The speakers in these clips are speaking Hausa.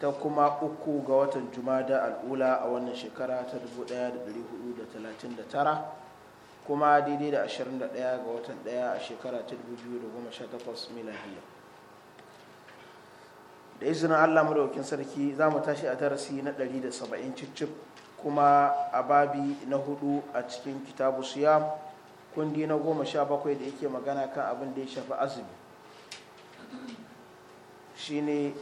ta kuma uku ga watan jumada al'ula a wannan shekara ta 1439 kuma daidai da 21 ga watan 1 a shekara ta 2018 milahiyya da izinin allah madaukin sarki za mu tashi a darasi na 170 cicif kuma a babi na hudu a cikin kitabu siyam kundi na goma sha bakwai da yake magana kan abin da ya shafi azumi shine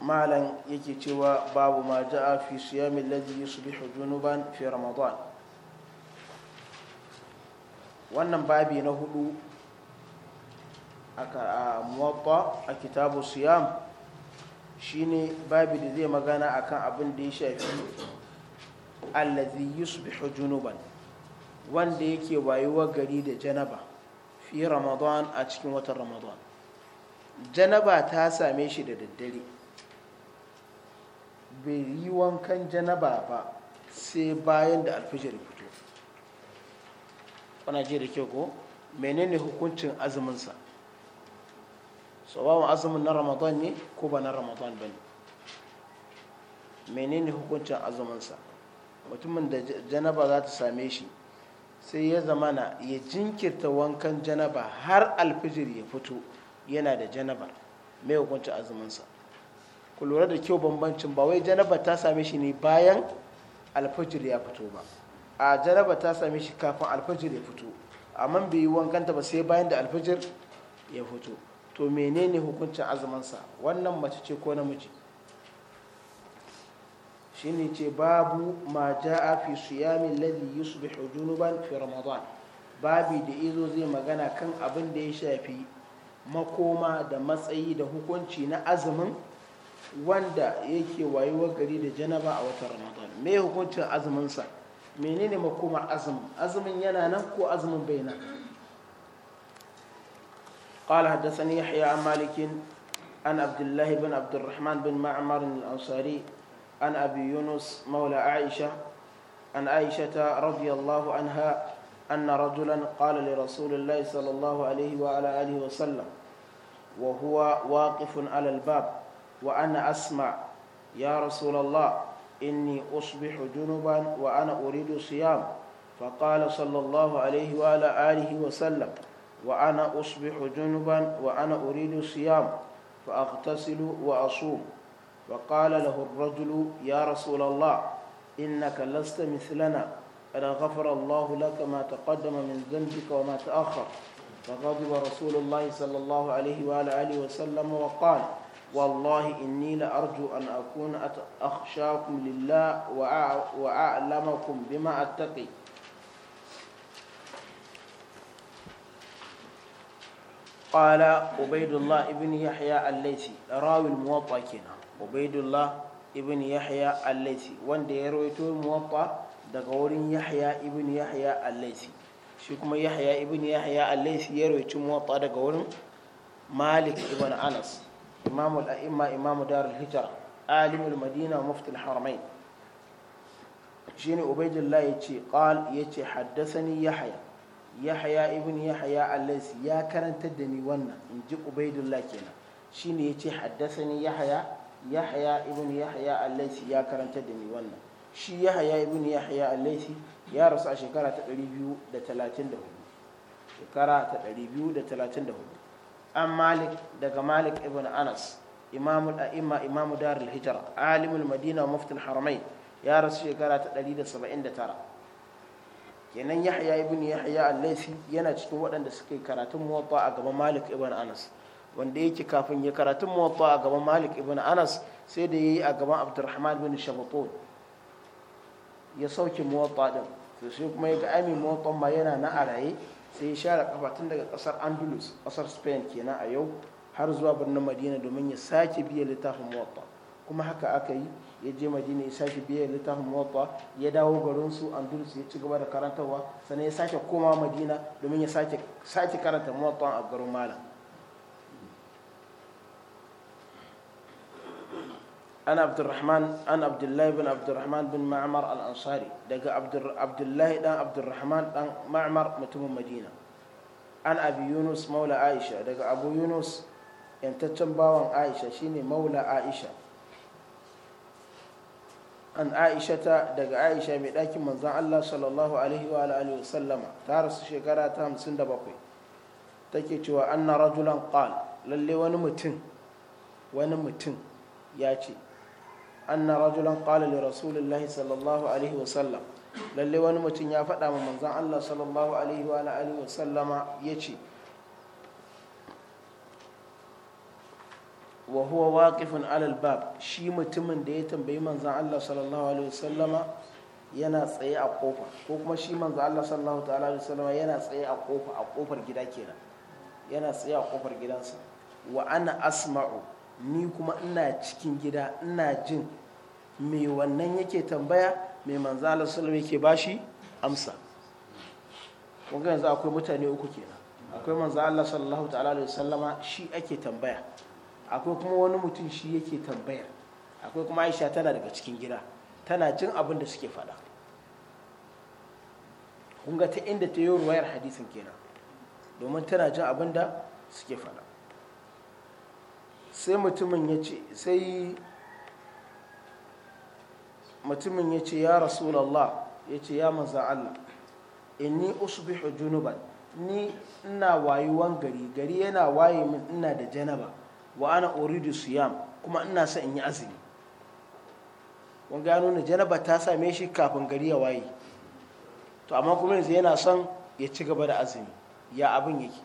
malam yake cewa babu ma ja'a fi siyamin su yusbihu junuban fi ramadan wannan babi na hudu a muwatta a kitabu siyam shine babi da zai magana akan abin da ya shafi su yusbihu junuban wanda yake wayuwa gari da janaba fi ramadan a cikin watan ramadan janaba ta same shi da daddare bai yi wankan janaba ba sai bayan da alfijir fito kuna ji da kyau ko menene hukuncin azuminsa sawawan azumin na ramadan ne ko ba na ramadan ba ne menene hukuncin azuminsa mutumin da janaba za ta same shi sai ya zama na, ya jinkirta wankan janaba har alfijir ya fito yana da janabar mai hukuncin azuminsa ku lura da kyau bambancin ba wai janaba ta same shi ne bayan alfajir ya fito ba a janaba ta same shi kafin alfajir ya fito amma bai yi wankanta ba sai bayan da alfajir ya fito to menene hukuncin azumansa wannan mace ce ko namiji shine ce babu ma ja'a fi siyamin ladhi yusbihu junuban fi ramadan babi da izo zai magana kan abin da ya shafi makoma da matsayi da hukunci na azumin wanda yake wayewar gari da janaba a watan ramadan me hukuncin azuminsa menene makomar azumin azumin yana nan ko azumin bai nan qala haddathani yahya an malikin an abdullahi bin abdurrahman bin ma'mar al-ansari an abi yunus maula aisha an aisha radiyallahu anha anna rajulan qala li rasulillahi sallallahu alayhi wa ala alihi wa sallam wa huwa waqifun ala al-bab وأنا أسمع يا رسول الله إني أصبح جنبا وأنا أريد صيام فقال صلى الله عليه وعلى آله وسلم وأنا أصبح جنبا وأنا أريد صيام فأغتسل وأصوم وقال له الرجل يا رسول الله إنك لست مثلنا قد غفر الله لك ما تقدم من ذنبك وما تأخر فغضب رسول الله صلى الله عليه وعلى آله وسلم وقال والله إني لأرجو أن أكون أخشاكم لله وأعلمكم بما أتقي قال عبيد الله ابن يحيى الليثي راوي الموطأ كنا عبيد الله ابن يحيى الليثي وند يرويته الموطأ دغورين يحيى ابن يحيى الليثي shi kuma yahya ibn yahya al-laysi ya rawaici muwatta daga wurin malik ibn anas إمام الأئمة إمام دار الهجرة عالم المدينة ومفتي الحرمين شيني عبيد الله يتي قال يتي حدثني يحيى يحيى ابن يحيى الليثي يا كرنت الدني ونا إن عبيد الله كنا شيني يتي حدثني يحيى يحيى ابن يحيى الليثي يا كرنت الدني ونا شي يحيى ابن يحيى الليثي يا رسول شكرا تقريبيو دتلاتين دهو شكرا تقريبيو دتلاتين دهو an malik daga malik ibn anas imamul a'imma imamu darul hijra alimul madina wa muftul haramain ya rasu shekara ta 179 kenan yahya ibn yahya al-laythi yana cikin waɗanda suke karatun muwatta a gaban malik ibn anas wanda yake kafin ya karatun muwatta a gaban malik ibn anas sai da yayi a gaban abdurrahman bin shabatun ya sauke muwatta din to sai kuma ya ga amin muwatta ma yana na araye sai ya share kafa tun daga kasar andalus kasar spain kenan a yau har zuwa birnin madina domin ya sake biya littafin mawata kuma haka aka yi ya je madina ya sake biya littafin mota ya dawo garin su andalus ya ci gaba da karantarwa sannan ya sake koma madina domin ya sake karanta mawata a garin malam ana abdurrahman an abdullahi bin abdurrahman bin ma'amar al-ansari daga abdullahi dan abdurrahman dan ma'amar mutumin madina an abi yunus maula aisha daga abu yunus yantaccen bawan aisha shine maula aisha an aisha daga aisha mai ɗakin manzan allah sallallahu alaihi wa alihi ta rasu shekara ta hamsin da bakwai take cewa anna rajulan qal lalle wani wani mutum ya ce أن رجلا قال لرسول الله صلى alaihi wa sallam lalle wani mutum ya faɗa ma manzan Allah sallallahu alaihi wa alihi wa sallama ya ce wa huwa waqifun alal bab shi mutumin da ya tambayi manzan Allah sallallahu alaihi wa sallama yana tsaye a kofa ko kuma shi manzan Allah sallallahu ta'ala alaihi wa sallama yana tsaye a kofa a kofar gida kenan yana tsaye a kofar gidansa wa ana asma'u ni kuma ina cikin gida ina jin mai wannan yake tambaya mai manzala sallam yake bashi amsa kun yanzu akwai mutane uku kenan akwai manzo Allah sallallahu ta'ala da sallama shi ake tambaya akwai kuma wani mutum shi yake tambaya akwai kuma Aisha tana daga cikin gida tana jin abin da suke faɗa kun ta inda ta yi ruwayar hadisin kenan domin tana jin abin da suke faɗa sai mutumin ya ce sai mutumin ya ce ya rasulallah ya ce ya manzan Allah inni usbihu junuban ni ina wayuwan gari gari yana waye min ina da janaba wa ana uridu siyam kuma ina sa in yi azumi wani ya nuna janaba ta same shi kafin gari ya waye to amma kuma yanzu yana son ya ci gaba da azumi ya abin yake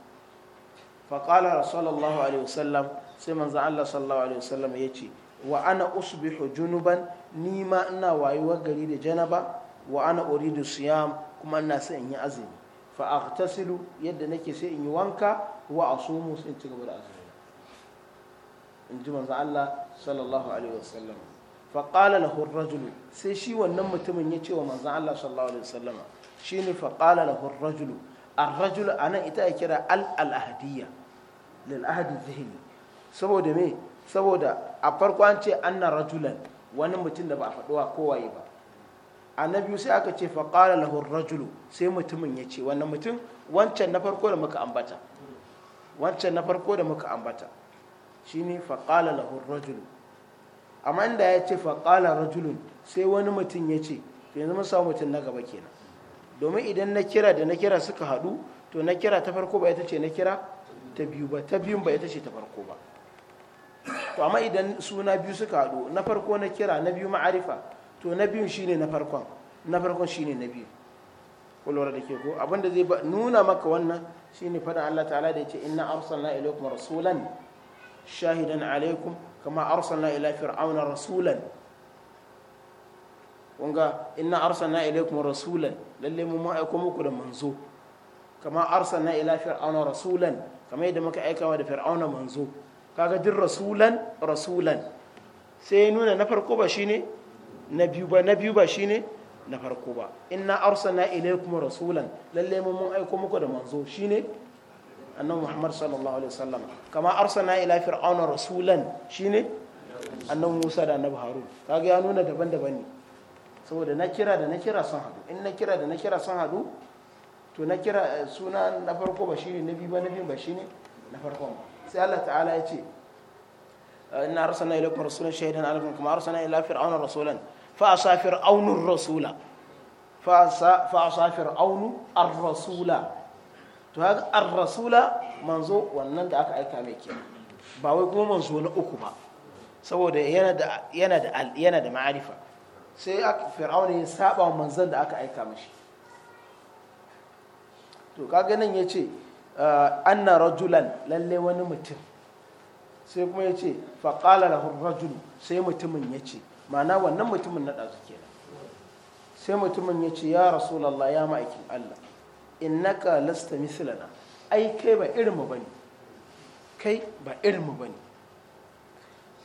faƙala rasulallahu alaihi wasallam sai manzan Allah sallallahu alaihi wasallam ya ce wa ana usbihu junuban ni ma ina wayuwar gari da janaba wa ana uridu siyam kuma ina sai in yi azumi fa aghtasilu yadda nake sai in yi wanka wa asumu sai in ci gaba da azumi in ji manzo Allah sallallahu alaihi wasallam fa qala lahu ar-rajulu sai shi wannan mutumin ya ce wa manzo Allah sallallahu alaihi wasallam shine fa qala lahu ar-rajulu ar-rajulu ana ita kira al-ahdiyya lil ahdi dhihni saboda me saboda a farko an ce anna rajulan wani mutum da ba a faɗuwa kowaye ba biyu sai aka ce faƙala lahur rajulu sai mutumin ya ce wannan mutum wancan na farko da muka ambata wancan na farko da muka ambata shine faƙala lahur rajulu amma inda ya ce faƙala rajulun sai wani mutum ya ce to yanzu mun samu mutum na gaba kenan domin idan na kira da na kira suka haɗu to na kira ta farko ba ita ce na kira ta biyu ba ta biyun ba ita ce ta farko ba to amma idan suna biyu suka haɗu na farko na kira na biyu ma'arifa to na biyun shine na farkon na farkon shine na biyu kullura da ke ko abinda zai nuna maka wannan shine faɗin Allah ta'ala da yace inna arsalna ilaykum rasulan shahidan alaikum kama arsalna ila fir'auna rasulan kunga inna arsalna ilaykum rasulan lalle mun aiko muku da manzo kama arsalna ila fir'auna rasulan kama yadda muka aikawa da fir'auna manzo kaga din rasulan rasulan sai ya nuna na farko ba shine na biyu ba na biyu ba shine na farko ba inna arsalna ilaykum rasulan lalle mun mun aiko muku da manzo shine annabi Muhammad sallallahu alaihi wasallam kama arsalna ila fir'auna rasulan shine annabi Musa da annabi Harun kaga ya nuna daban-daban ne saboda na kira da na kira sun hadu in na kira da na kira sun hadu to na kira eh, suna na farko ba shine na biyu ba na biyu ba shine na farko ba sai Allah ta'ala ya ce Ina arsalna ilaykum rasulan shahidan alaikum kuma arsalna ila fir'auna rasulan fa asa fir'aunu rasula fa asa fir'aunu ar-rasula to haka ar-rasula manzo wannan da aka aika mai kenan ba wai kuma manzo na uku ba saboda yana da yana da yana da ma'arifa sai fir'auna ya saba manzon da aka aika mashi to kaga nan yace anna rajulan lalle wani mutum sai kuma ya ce faƙala lahur rajulu sai mutumin ya ce ma'ana wannan mutumin na su kenan sai mutumin ya ce ya rasulallah ya ma'aikin allah ka lasta misilana ai kai ba irin mu bane kai ba irin mu bane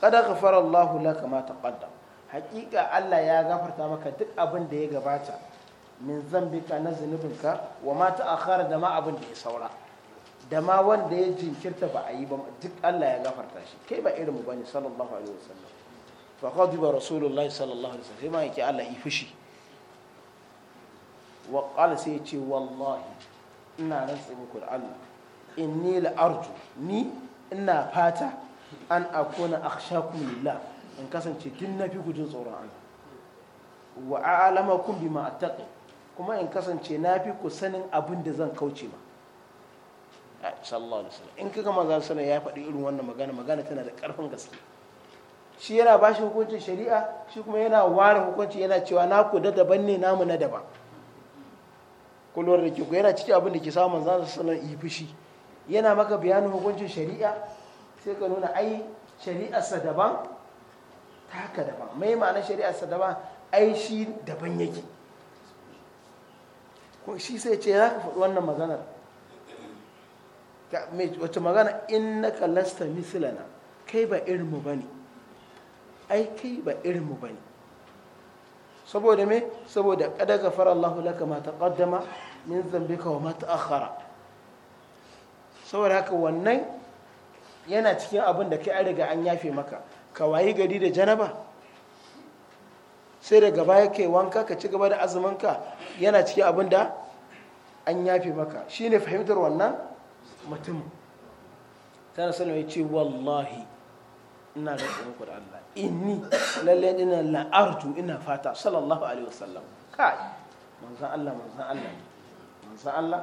kada fara Allahu laka ma taqaddam haƙiƙa Allah ya gafarta maka duk abin da ya gabata min zambika na zunubinka wa ma ta'akhara da ma abin da ya saura da ma wanda ya jinkirta ba a yi ba duk Allah ya gafarta shi kai ba irin mu bane sallallahu alaihi wasallam fa qadiba rasulullahi sallallahu alaihi wasallam sai ma yake Allah yi fushi wa qala sai ya ce wallahi ina rantsa muku da Allah inni la arju ni ina fata an akuna akhshakum lillah in kasance kin nafi gudun tsoron Allah wa a'lamakum bima attaqi kuma in kasance nafi ku sanin abin da zan kauce ma Eh, sallallahu alaihi wasallam in kaga ya faɗi irin wannan magana magana tana da ƙarfin gaske shi yana ba shi hukuncin shari'a shi kuma yana ware hukunci yana cewa na ku da daban ne namu na daban kullum da ke ku yana cikin abin da ke samun manzon sallallahu yi fushi yana maka bayanin hukuncin shari'a sai ka nuna ai sa daban taka daban mai ma'ana sa daban ai shi daban yake ko shi sai ce za ka faɗi wannan maganar wacce magana innaka lasta mislana kai ba irinmu bane ai kai ba irinmu bane saboda me saboda kada gafara Allah laka ma taqaddama min zambika wa ma ta'akhkhara saboda haka wannan yana cikin abin da kai an riga an yafe maka ka wayi gari da janaba sai daga baya kai wanka ka ci gaba da azumin ka yana cikin abin da an yafe maka shi ne fahimtar wannan mutum tana sanar ya ce wallahi ina da tsoron ku da Allah inni lalle ina la'artu ina fata sallallahu alaihi wasallam kai manzan Allah manzan Allah manzan Allah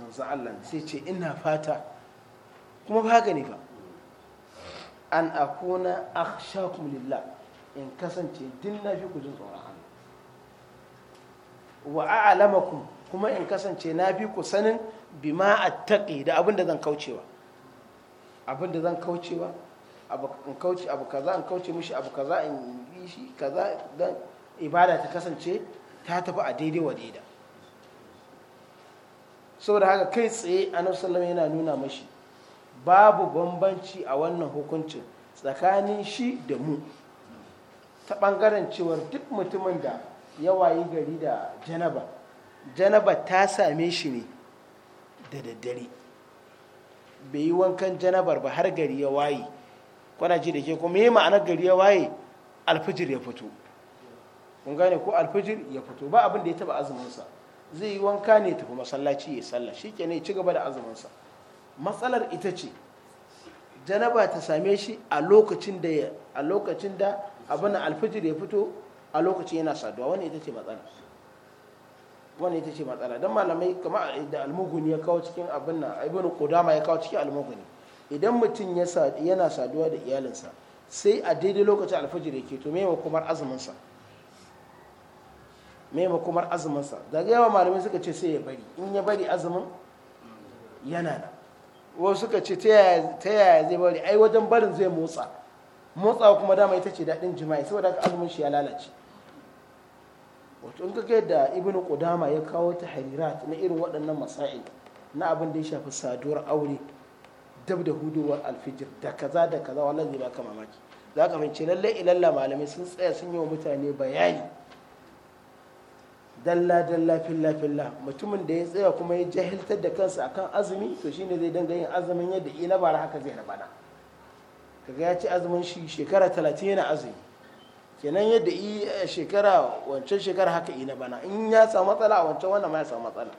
manzan Allah sai ce ina fata kuma ba haka ne fa an akuna akhshakum lillah in kasance din na fi ku jin tsoron Allah wa a'lamakum kuma in kasance na fi ku sanin bima attaqi da abin da zan kaucewa abin da zan kaucewa abu in kauce abu kaza in kauce mishi abu kaza in yi shi kaza dan ibada ta kasance ta tafi a daidai wa daida saboda haka kai tsaye annabi sallallahu yana nuna mashi babu bambanci a wannan hukuncin tsakanin shi da mu ta bangaren cewar duk mutumin da ya wayi gari da janaba janaba ta same shi ne da daddare bai yi wankan janabar ba har gari ya waye kwana ji da ke kuma yi ma'anar gari ya waye alfijir ya fito kun gane ko alfijir ya fito ba abinda ya taba azuminsa zai yi wanka ne tafi masallaci ya salla shi ke ne ci gaba da azuminsa matsalar ita ce janaba ta same shi a lokacin da a lokacin da abin alfijir ya fito a lokacin yana saduwa wani ita ce matsalar wani ita ce matsala don malamai kama da almuguni ya kawo cikin abin na ibn kodama ya kawo cikin almuguni idan mutum yana saduwa da iyalinsa sai a daidai lokacin alfajir yake to mai makomar azuminsa mai makomar azuminsa azumin sa daga yawa malamai suka ce sai ya bari in ya bari azumin yana da wasu suka ce ta yaya zai bari ai wajen barin zai motsa motsa kuma dama ita ce daɗin jima'i saboda haka azumin shi ya lalace wato in kaga da ibnu qudama ya kawo tahrirat na irin waɗannan masail na abin da ya shafi saduwar aure dab da huduwar alfijir da kaza da kaza wannan zai baka mamaki za ka mince lalle ilalla malamai sun tsaya sun yi wa mutane bayani dalla dalla filla filla mutumin da ya tsaya kuma ya jahiltar da kansa akan azumi to shine zai danga yin azumin yadda ina bara haka zai na bana kaga ya ci azumin shi shekara talatin yana azumi kenan yadda yi eh, shekara wancan shekara haka i na bana in ya samu matsala a wancan wannan ma ya samu matsala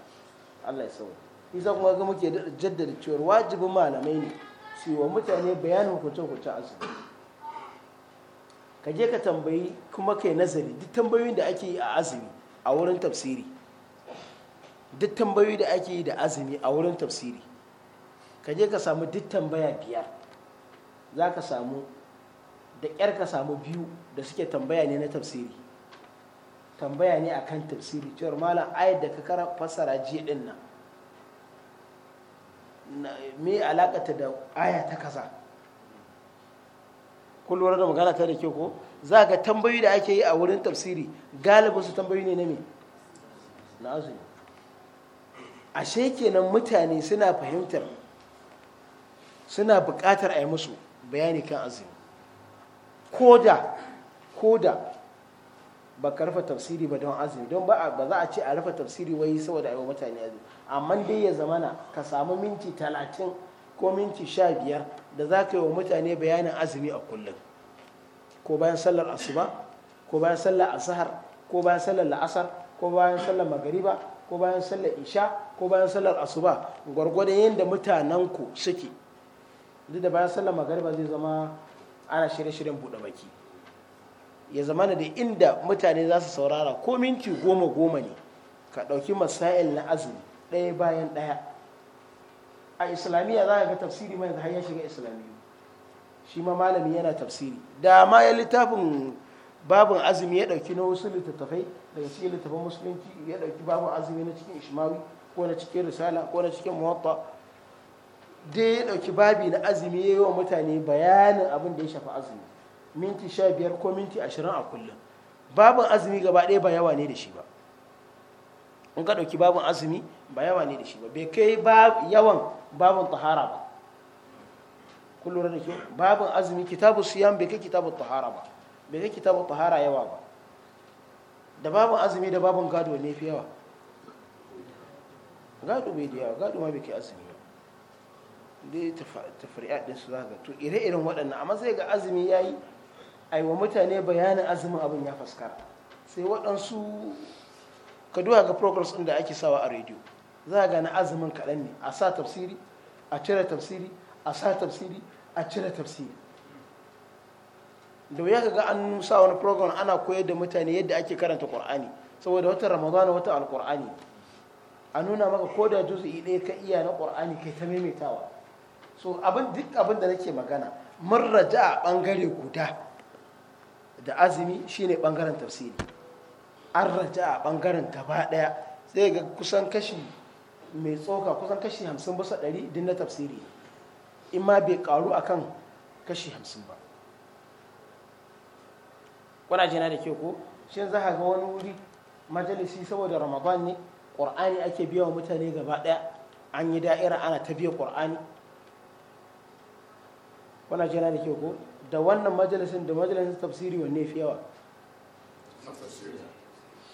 Allah ya sauwa isa kuma ga muke jaddada cewar wajibin malamai ne su yi wa mutane bayanin hukuncin hukuncin asibiti ka je ka tambayi kuma kai nazari duk tambayoyin da ake yi a azumi a wurin tafsiri duk tambayoyi da ake yi da azumi a wurin tafsiri ka je ka samu duk tambaya biyar za ka samu da yar ka samu biyu da suke tambaya ne na tafsiri tambaya ne akan tafsiri cewar malam ayat da ka kara fassara jiya din nan me alakata da aya ta kaza kullum da magana ta da ke ko za ga tambayi da ake yi a wurin tafsiri galibin su tambayi ne na me na azumi ashe kenan mutane suna fahimtar suna bukatar a yi musu bayani kan azumi koda koda ba ka rufe tafsiri ba don azumi don ba za a ce a rufe tafsiri wai saboda aiwa mutane azumi amma dai ya zamana ka samu minti talatin ko minti sha biyar da za ka yi wa mutane bayanin azumi a kullum ko bayan sallar asuba ko bayan sallar asahar ko bayan sallar la'asar ko bayan sallar magariba ko bayan sallar isha ko bayan sallar asuba gwargwadon yadda ku suke duk da bayan sallar magariba zai zama ana shirye-shiryen buɗe baki ya zamana da inda mutane za su saurara ko minti goma goma ne ka ɗauki masail na azumi ɗaya bayan ɗaya a islamiyya za ka ga tafsiri mai har ya shiga islamiyya shi ma malami yana tafsiri da ma ya littafin babin azumi ya ɗauki na wasu littattafai daga cikin littattafan musulunci ya ɗauki babin azumi na cikin ishmawi ko na cikin risala ko na cikin muwatta dai ya ɗauki babi na azumi ya yi wa mutane bayanin abin da ya shafi azumi minti sha biyar ko minti ashirin a kullum babin azumi gaba ɗaya ba yawa ne da shi ba in ka ɗauki babin azumi ba yawa ne da shi ba bai kai yawan babin tahara ba kullum da ke babin azumi kitabu siyan bai kai kitabu tahara ba bai kai kitabu tahara yawa ba da babin azumi da babin gado ne fi yawa gado bai da yawa gado ma bai kai azumi dai tafari'a din su zaka to ire-iren waɗannan amma sai ga azumi ya yayi yi wa mutane bayanin azumin abin ya faskara sai waɗansu ka duwa ga programs ɗin da ake sawa a rediyo za ga na azumin kaɗan ne a sa tafsiri a cire tafsiri a sa tafsiri a cire tafsiri da wuya ga an sa wani program ana koyar da mutane yadda ake karanta qur'ani saboda watan ramadana watan alqur'ani a nuna maka ko da juzu'i ɗaya ka iya na qur'ani kai ta maimaitawa so abin duk abin da nake magana mun raja a bangare guda da azumi shine bangaren tafsiri an raja a bangaren gaba daya sai ga kusan kashi mai tsoka kusan kashi 50 bisa 100 din na tafsiri in ma bai karu akan kashi hamsin ba kuna jina da ke ko shi za ka ga wani wuri majalisi saboda ramadan ne ƙur'ani ake biya wa mutane gaba ɗaya an yi da'ira ana ta biya ƙur'ani kuna jina da ke ko da wannan majalisun da majalisun tafsiri wanne fi yawa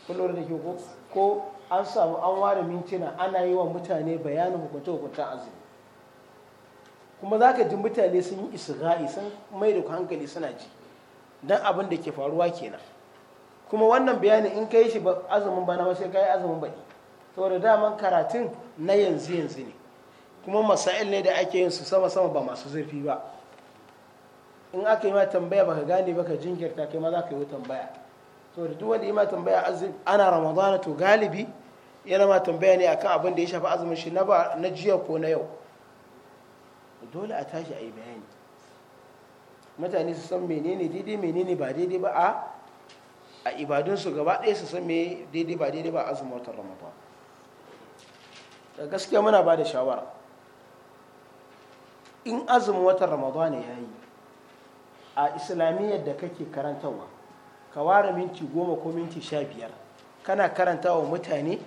kullum da ke ko ko an samu an ware mintuna ana yi wa mutane bayanin hukunta hukunta azumi kuma za ka ji mutane sun yi isra'i sun mai da hankali suna ji don abin da ke faruwa kenan kuma wannan bayani in ka yi shi azumin bana ba sai ka yi azumin baɗi da daman karatun na yanzu yanzu ne kuma masa'il ne da ake yin su sama sama ba masu zurfi ba in aka yi ma tambaya baka gane baka jinkirta kai ma za ka yi tambaya To duk wanda yi ma tambaya ana ramadana to galibi yana ma tambaya ne akan abin da ya shafi azumin shi na ba na jiya ko na yau dole a tashi a yi bayani mutane su san menene daidai menene ba daidai ba a a ibadunsu gaba ɗaya su san me daidai ba daidai ba azumin watan ramadan da gaskiya muna ba da shawara in azumin watan ramadan ya yi a islamiyyar da kake karantarwa ka ware minti goma ko minti sha biyar kana karantawa mutane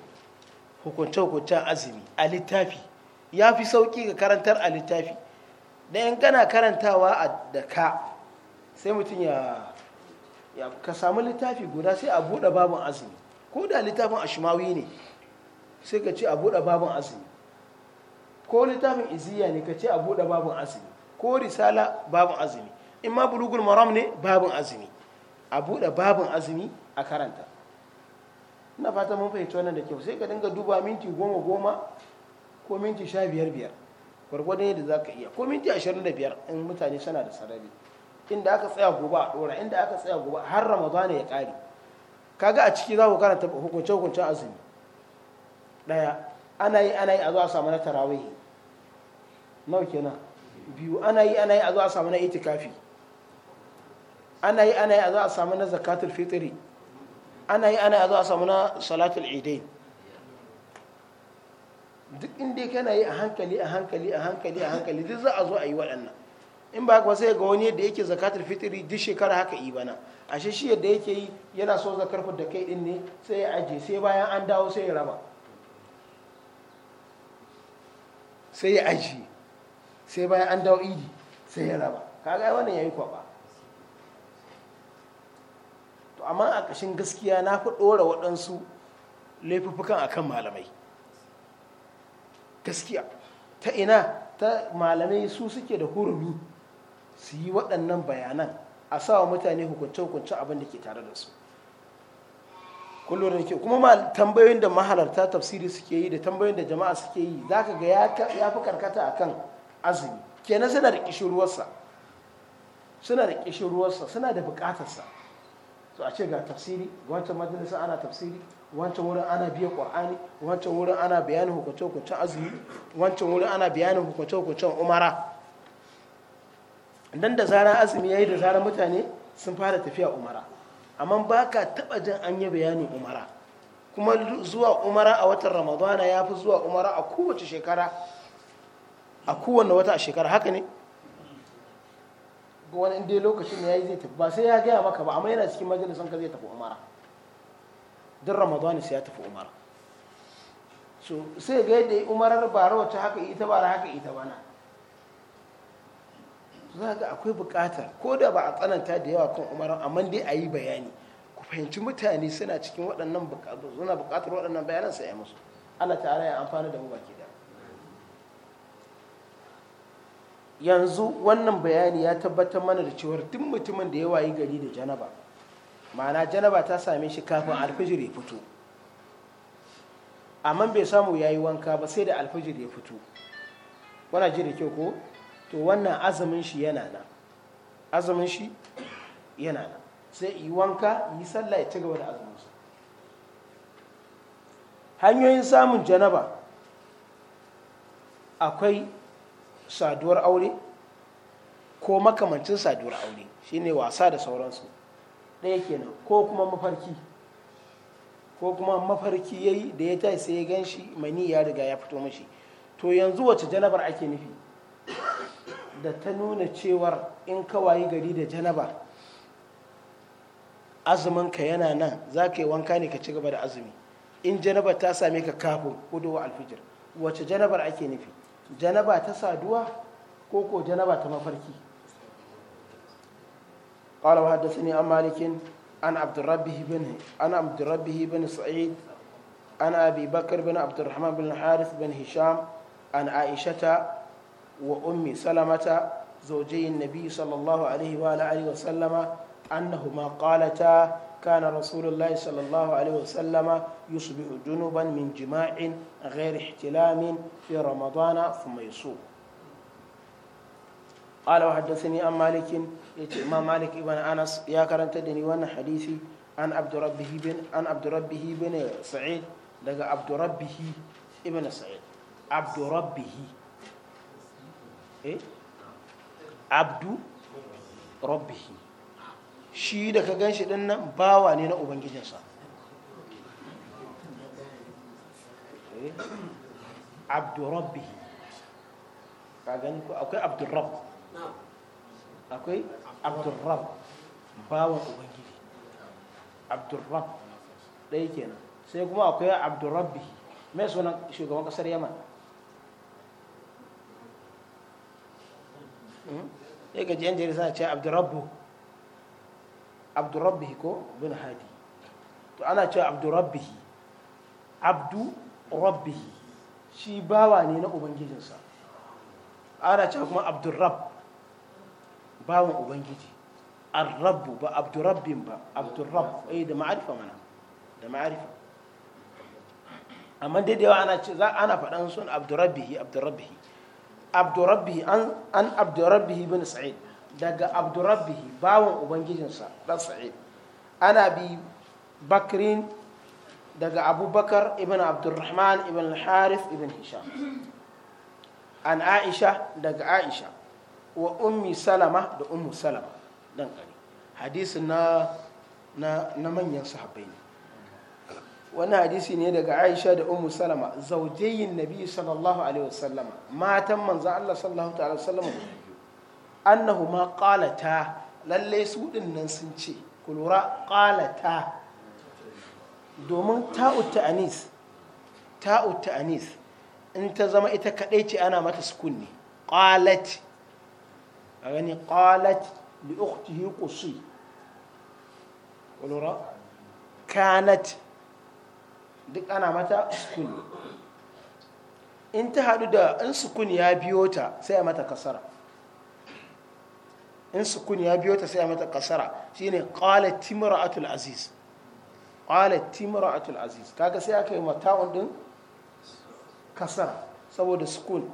hukunta hukuncen azumi a littafi ya fi sauƙi ga karantar a littafi da in kana karantawa a da ka sai mutum ya ka samu littafi guda sai a buɗe babin azumi ko da littafin ashimawi ne sai ka ce a buɗe babin azumi ko littafin iziya ne ka ce a buɗe babin azumi ko risala babin azumi in ma bulugul maram ne babin azumi a buɗe babin azumi a karanta ina fata mun fahimci wannan da kyau sai ka dinga duba minti goma goma ko minti sha biyar biyar gwargwadon yadda za ka iya ko minti ashirin da biyar in mutane suna da sarari inda aka tsaya gobe a ɗora inda aka tsaya gobe har ramadana ya ƙare kaga a ciki za ku karanta hukunce hukunce azumi ɗaya ana yi ana yi a zo a samu na tarawai nawa kenan biyu ana yi ana yi a zo a samu na itikafi ana yi ana yi a za a samu na zakatul fitri ana yi ana yi a za a samu na salatul idai duk inda kana yi a hankali a hankali a hankali a hankali duk za a zo a yi waɗannan in ba ka sai ga wani yadda yake zakatul fitri duk shekara haka yi bana ashe shi yadda yake yi yana so zakar da kai din ne sai ya aje sai bayan an dawo sai ya raba sai ya aje sai bayan an dawo idi sai ya raba kaga wannan yayi kwaba to amma a ƙashin gaskiya na fi ɗora waɗansu laifuffukan a kan malamai gaskiya ta ina ta malamai su suke da hurumi su yi waɗannan bayanan a sa wa mutane hukunce hukunce abin da ke tare da su kullum da ke kuma tambayoyin da mahalarta tafsiri suke yi da tambayoyin da jama'a suke yi za ka ga ya fi karkata a kan azumi kenan suna da ƙishin ruwarsa suna da ƙishin ruwarsa suna da buƙatarsa so a ce ga tafsiri wancan majalisa ana tafsiri wancan wurin ana biya ƙwa'ani wancan wurin ana bayanin hukuncin hukuncen azumi wancan wurin ana bayanin hukuncin hukuncen umara don da zarar azumi ya yi da zarar mutane sun fara tafiya umara amma ba ka taɓa jin an yi bayanin umara kuma zuwa umara a watan ramadana ya fi zuwa umara a kowace shekara a kowane wata a shekara haka ne wani inda lokacin ya yi zai tafi ba sai ya gaya maka ba amma yana cikin majalisan ka zai tafi umara duk ramadani sai ya tafi umara so sai ga yadda umarar bara wacce haka ita bara haka ita bana za ga akwai bukatar ko da ba a tsananta da yawa kan umarar amma dai a yi bayani ku fahimci mutane suna cikin waɗannan bukatar suna waɗannan bayanan sai ya musu Allah ta'ala ya amfana da mu baki yanzu wannan bayani ya tabbatar mana da cewar duk mutumin da ya wayi gari da janaba ma'ana janaba ta same shi kafin alfijir ya fito amma bai samu ya yi wanka ba sai da alfijir ya fito wana ji da kyau ko to wannan azumin shi yana na. azumin shi yana na. sai yi wanka yi sallah ya ci gaba da azumin su hanyoyin samun janaba akwai saduwar aure ko makamancin saduwar aure shine wasa da sauransu ɗaya kenan ko kuma mafarki ko kuma mafarki yayi da ya tashi sai ya gan shi mani ya riga ya fito mashi to yanzu wace janabar ake nufi da ta nuna cewar in kawai gari da janabar azuminka yana nan za ka yi wanka ne ka ci gaba da azumi in janabar ta same ka kafin hudu alfijir wace janabar ake nufi janaba ta saduwa ko ko janaba ta mafarki قال وحدثني عن مالك عن عبد ربه بن عن عبد ربه بن سعيد عن ابي بكر بن عبد الرحمن بن الحارث بن هشام عن عائشه وام سلمه زوجي النبي صلى الله عليه واله وسلم انهما قالتا كان رسول الله صلى الله عليه وسلم يصبح جنوبا من جماع غير احتلام في رمضان ثم يصوم قال وحدثني عن مالك ما مالك ابن انس يا كرنت دني وانا حديثي عن عبد ربه بن عن عبد ربه بن سعيد لقى عبد ربه ابن سعيد عبد ربه ايه عبد ربه shi da ka gan shi dinnan bawa ne na ubangijinsa eh? abdurrabbi ka gani ko akwai abdurrab akwai abdurrab bawan ubangiji abdurrab ɗaya kenan sai kuma akwai abdurrabbi mai sunan shugaban kasar yaman hmm? ya gaji yan jarisa ce abdurrabbu abdurrabbihi ko bin hadi to ana cewa abdurrabbihi abdu rabbihi shi bawa ne na ubangijinsa ana cewa kuma abdurrab bawan ubangiji arrabu ba abdurrabbin ba abdurrab eh da ma'arifa mana da ma'arifa amma dai da yawa ana za ana faɗan sun abdurrabbihi abdurrabbihi abdurrabbihi an an abdurrabbihi bin sa'id daga abdurabbihi bawan ubangijinsa ɗan sa'id ana bi bakrin daga abubakar ibn abdurrahman ibn harith ibn hisham an aisha daga aisha wa ummi salama da ummu salama dan kare hadisi na na na manyan sahabbai ne wani hadisi ne daga aisha da ummu salama zaujayin nabi sallallahu alaihi wasallama matan manzo Allah sallallahu alaihi wasallama annahu ma qalata lalle su din nan sun ce ku lura qalata domin ta'u ta'anis ta'u ta'anis in ta zama ita kadai ce ana mata sukun ne qalat a gani qalat li ukhtihi qusi ku kanat duk ana mata sukun in ta hadu da in sukun ya biyo ta sai a mata kasara in sukun ya biyo ta sai a mata kasara shine qalat timra'atul aziz qalat timra'atul aziz kaga sai aka yi mata'un din kasara saboda sukun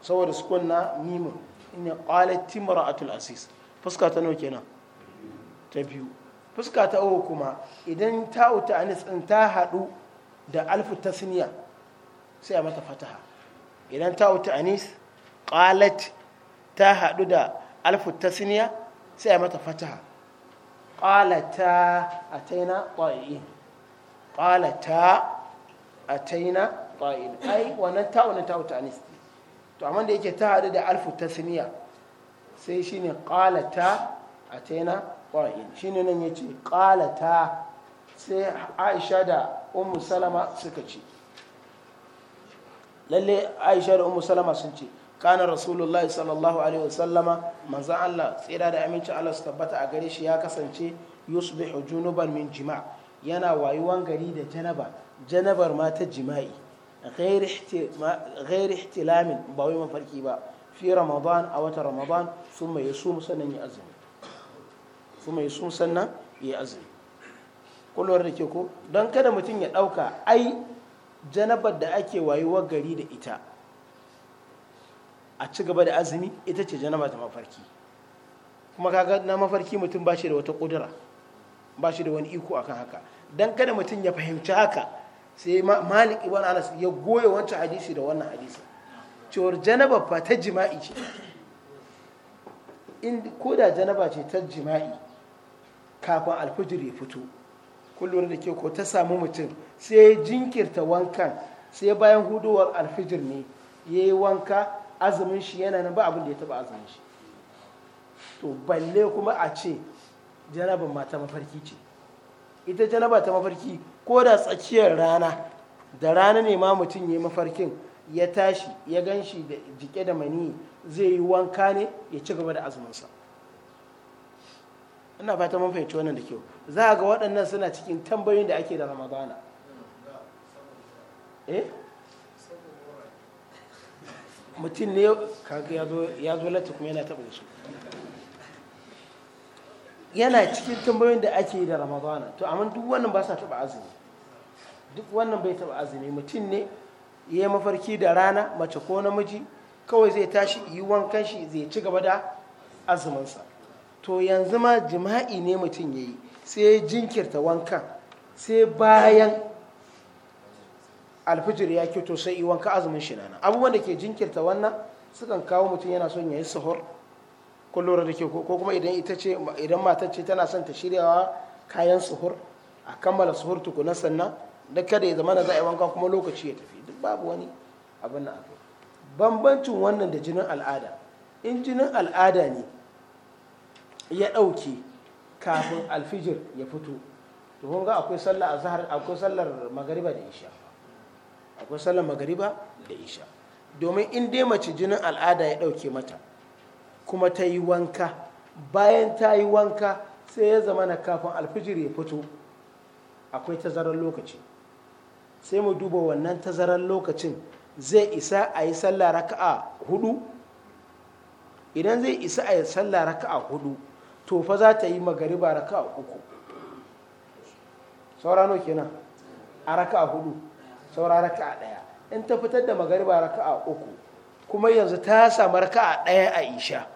saboda sukun na mimun in qalat timra'atul aziz fuska ta nawa kenan ta biyu fuska ta uku kuma idan ta uta anis din ta hadu da alfu tasniya sai a mata fataha idan ta uta anis qalat ta hadu da alfu siniya sai a mata fataha qalata ataina ta'in qalata ataina ta'in ai wannan ta'u na ta'u ta'anis to amma da yake ta hadu da alfu siniya sai shine qalata ataina ta'in shine nan yace qalata sai Aisha da Ummu Salama suka ce lalle Aisha da Ummu Salama sun ce kana rasulullahi sallallahu alaihi wasallama manzan Allah tsira da aminci Allah su tabbata a gare shi ya kasance yusbihu junuban min jima' yana wayuwan gari da janaba janabar ma ta jima'i ghair ihtilamin ba wai mafarki ba fi ramadan a wata ramadan sun mai yasu sannan ya azumi sun mai yasu sannan ya azumi kullum da ke ko don kada mutum ya ɗauka ai janabar da ake wayuwar gari da ita a ci gaba da azumi ita ce janaba ta mafarki kuma kaga na mafarki mutum ba shi da wata kudura ba shi da wani iko akan haka dan kada mutum ya fahimci haka sai malik ibn anas ya goye wancan hadisi da wannan hadisi cewar janaba ba ta jima'i ce in ko janaba ce ta jima'i kafin alfijir ya fito kullum da ke ko ta samu mutum sai jinkirta wankan sai bayan hudowar alfijir ne yayi wanka azumin shi yana nan ba abin da ya taba azumin shi to balle kuma a ce janaban mata mafarki ce ita janaba ta mafarki ko da tsakiyar rana da rana ne ma mutum ya mafarkin ya tashi ya gan shi da jike da mani zai yi wanka ne ya ci gaba da azuminsa ina fata mun fahimci wannan da kyau za a ga waɗannan suna cikin tambayoyin da ake da ramadana eh mutum ne kaga ya zo lati kuma yana taba wasu yana cikin tambayoyin da ake yi da ramadana to amma duk wannan ba sa taɓa azumi duk wannan bai taba azumi mutum ne ya mafarki da rana mace ko namiji kawai zai tashi yi wankan shi zai ci gaba da azuminsa to yanzu ma jima'i ne mutum ya yi sai ya jinkirta wankan sai bayan alfijir ya ke to sai iwanka wanka azumin shi nana abubuwan da ke jinkirta wannan sukan kawo mutum yana son ya yi sahur kullum da ke ko kuma idan ita ce idan matar ce tana son ta shiryawa kayan sahur a kammala sahur tukunan sannan da kada ya zama na za a yi wanka kuma lokaci ya tafi duk babu wani abin na abu bambancin wannan da jinin al'ada in jinin al'ada ne ya ɗauke kafin alfijir ya fito to kun ga akwai sallar azhar sallar magariba da isha akwai sallar magariba da isha domin in dai mace jinin al'ada ya ɗauke mata kuma ta yi wanka bayan ta yi wanka sai ya zama na kafin alfijir ya fito akwai tazarar lokaci sai mu duba wannan tazarar lokacin zai isa a yi sallah raka'a hudu idan zai isa a yi sallah raka'a hudu to fa za ta yi magariba raka'a uku saurano kenan a raka'a hudu saura raka'a daya in ta fitar da magariba raka'a uku kuma yanzu ta samu raka'a daya a isha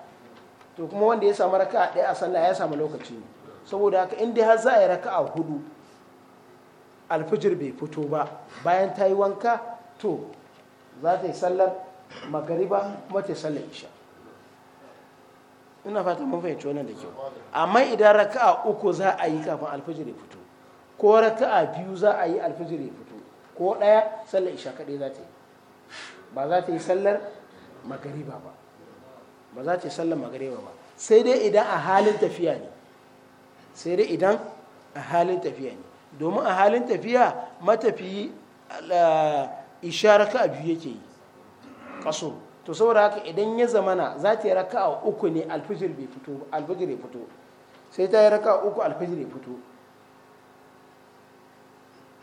to kuma wanda ya samu raka'a daya a sallah ya samu lokaci ne saboda haka in dai har za a yi raka'a hudu alfijir bai fito ba bayan ta yi wanka to za ta yi sallar magariba kuma ta yi sallar isha ina fata mun fahimci wannan da kyau amma idan raka'a uku za a yi kafin alfijir ya fito ko raka'a biyu za a yi alfijir ya fito ko ɗaya sallar isha kaɗai za ta yi ba za ta yi sallar magariba ba ba za ta yi sallar magariba ba sai dai idan a halin tafiya ne sai dai idan a halin tafiya ne domin a halin tafiya matafiyi isha raka a biyu yake yi kaso to saboda haka idan ya zamana za ta yi raka a uku ne alfijir bai fito alfijir ya fito sai ta yi raka a uku alfijir ya fito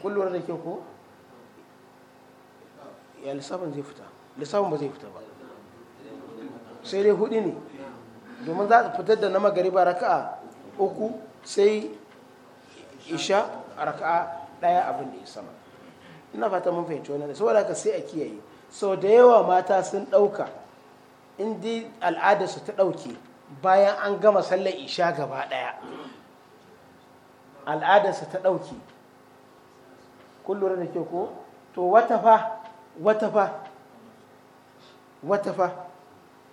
kullum da ke ko ya lissafin zai fita lissafin ba zai fita ba sai dai hudu ne domin za a fitar da na magariba raka'a uku sai isha raka'a daya abin da ya sama ina fata mun fahimci wannan saboda ka sai a kiyaye sau da yawa mata sun ɗauka indi al'adarsu ta ɗauke bayan an gama sallar isha gaba ɗaya al'adarsa ta ɗauke kullum da ke ko to wata fa wata fa wata fa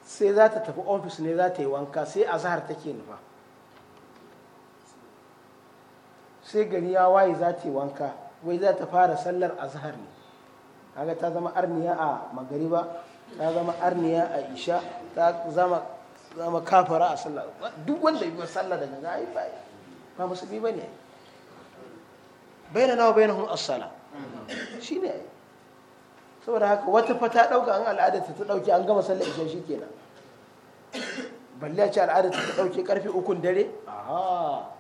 sai za ta tafi ofis ne za ta yi wanka sai a zahar take nufa sai gari ya waye za ta yi wanka wai za ta fara sallar a zahar ne haka ta zama arniya a magariba ta zama arniya a isha ta zama zama kafara a sallar duk wanda yi sallar da ganga ai ba ba ne bane bayanahun nawa shi ne a yi saboda haka wata fata ɗauka an al'adarta ta ɗauke an gama sallar isha shikenan balle ce al'adarta ta ɗauke karfe ukun dare aha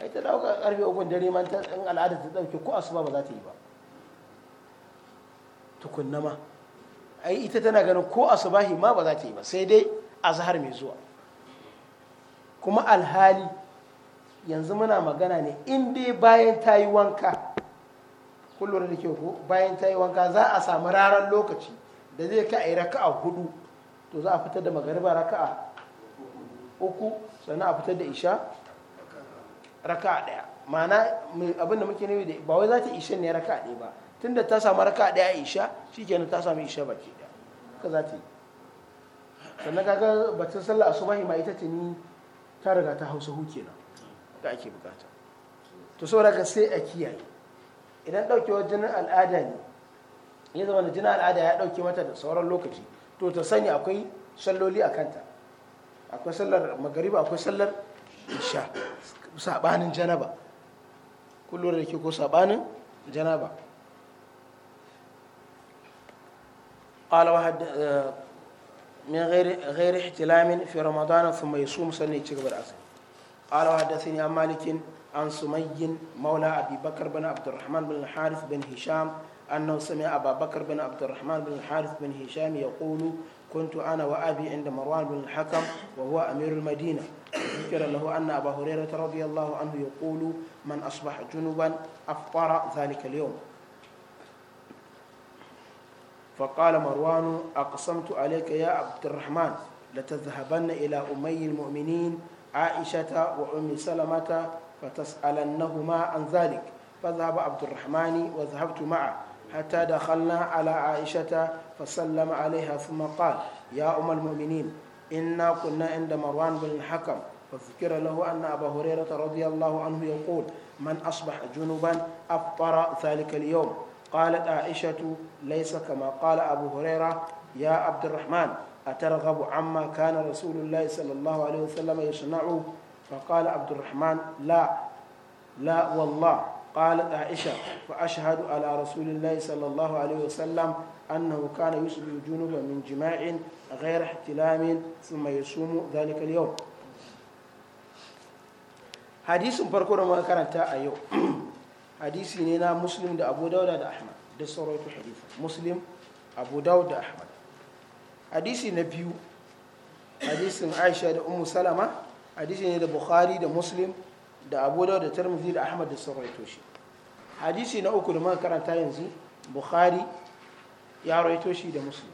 ai ta ɗauka karfe ukun dare man ta an al'adarta ta ɗauke ko asuba ba za ta yi ba tukunna ma ai ita tana ganin ko hi ma ba za ta yi ba sai dai azhar mai zuwa kuma alhali yanzu muna magana ne in dai bayan ta yi wanka kullum da ke ko bayan ta yi wanka za a samu raran lokaci da zai ka a yi raka'a hudu to za a fitar da magariba raka'a uku sannan a fitar da isha raka'a daya mana abinda muke nemi da ba wai za ta isha ne raka'a ɗaya ba tunda ta samu raka'a daya isha shikenan ta samu isha baki daya ka za ta yi sannan kaga batun sallah asubahi ma ita ce ni ta riga ta hausa hu kenan da ake bukata to saboda ka sai a kiyaye idan ɗaukewar jinin al'ada ne ya zama da jinin al'ada ya ɗauke mata da sauran lokaci to ta sanya akwai salloli a kanta akwai sallar magariba akwai sallar isha saɓanin janaba kullum da ke ko saɓanin janaba قال واحد من غير غير احتلام في رمضان ثم يصوم سنه يتكبر قال وحدثني عن مالك عن سمي مولى أبي بكر بن عبد الرحمن بن الحارث بن هشام أنه سمع أبا بكر بن عبد الرحمن بن الحارث بن هشام يقول كنت أنا وأبي عند مروان بن الحكم وهو أمير المدينة ذكر له أن أبا هريرة رضي الله عنه يقول من أصبح جنبا أفطر ذلك اليوم فقال مروان أقسمت عليك يا عبد الرحمن لتذهبن إلى أمي المؤمنين عائشة وأم سلمة فتسألنهما عن ذلك فذهب عبد الرحمن وذهبت معه حتى دخلنا على عائشة فسلم عليها ثم قال يا أم المؤمنين إنا كنا عند مروان بن الحكم فذكر له أن أبا هريرة رضي الله عنه يقول من أصبح جنبا أفطر ذلك اليوم قالت عائشة ليس كما قال أبو هريرة يا عبد الرحمن أترغب عما كان رسول الله صلى الله عليه وسلم يصنعه فقال عبد الرحمن لا لا والله قالت عائشة فأشهد على رسول الله صلى الله عليه وسلم أنه كان يصبح جنوبا من جماع غير احتلام ثم يصوم ذلك اليوم حديث فرقو ما كانت أيو حديث لنا مسلم دا أبو داود دا أحمد دا سورة حديث مسلم أبو داود دا أحمد حديث نبيو حديث عائشة دا أم سلمة hadisi ne da bukhari da muslim da abu da da tirmidhi da ahmad da sarraito shi hadisi na uku da maka karanta yanzu bukhari ya rawaito shi da muslim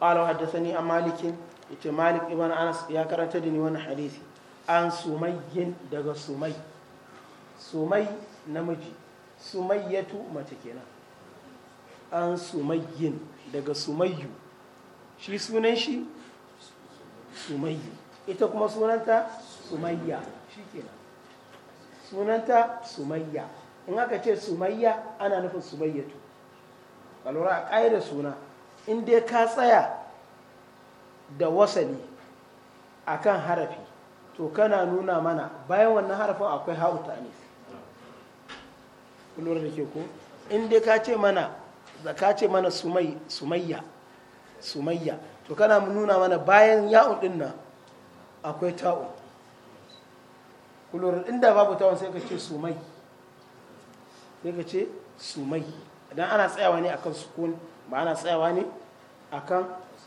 haddasa ni a malikin, ita malik ibn anas ya karanta da ni wani hadisi an sumayyin daga sumai sumai namiji sumayyatu mace kenan an sumayyin daga sumayyu shi sunan shi sumayya ita kuma sunanta sumayya sunanta sumayya in aka ce sumayya ana nufin sumayyatu tu a ƙa'ida suna in ka tsaya da wasali kan harafi to kana nuna mana bayan wannan harafin akwai ha'u ne lura da ke ko in mana da ka ce mana sumayya sumayya to kana nuna mana bayan ya'un din nan akwai ta'un kullum inda babu ta'un sai ka ce sumai sai ka ce sumai idan ana tsayawa ne akan sukun ba ana tsayawa ne akan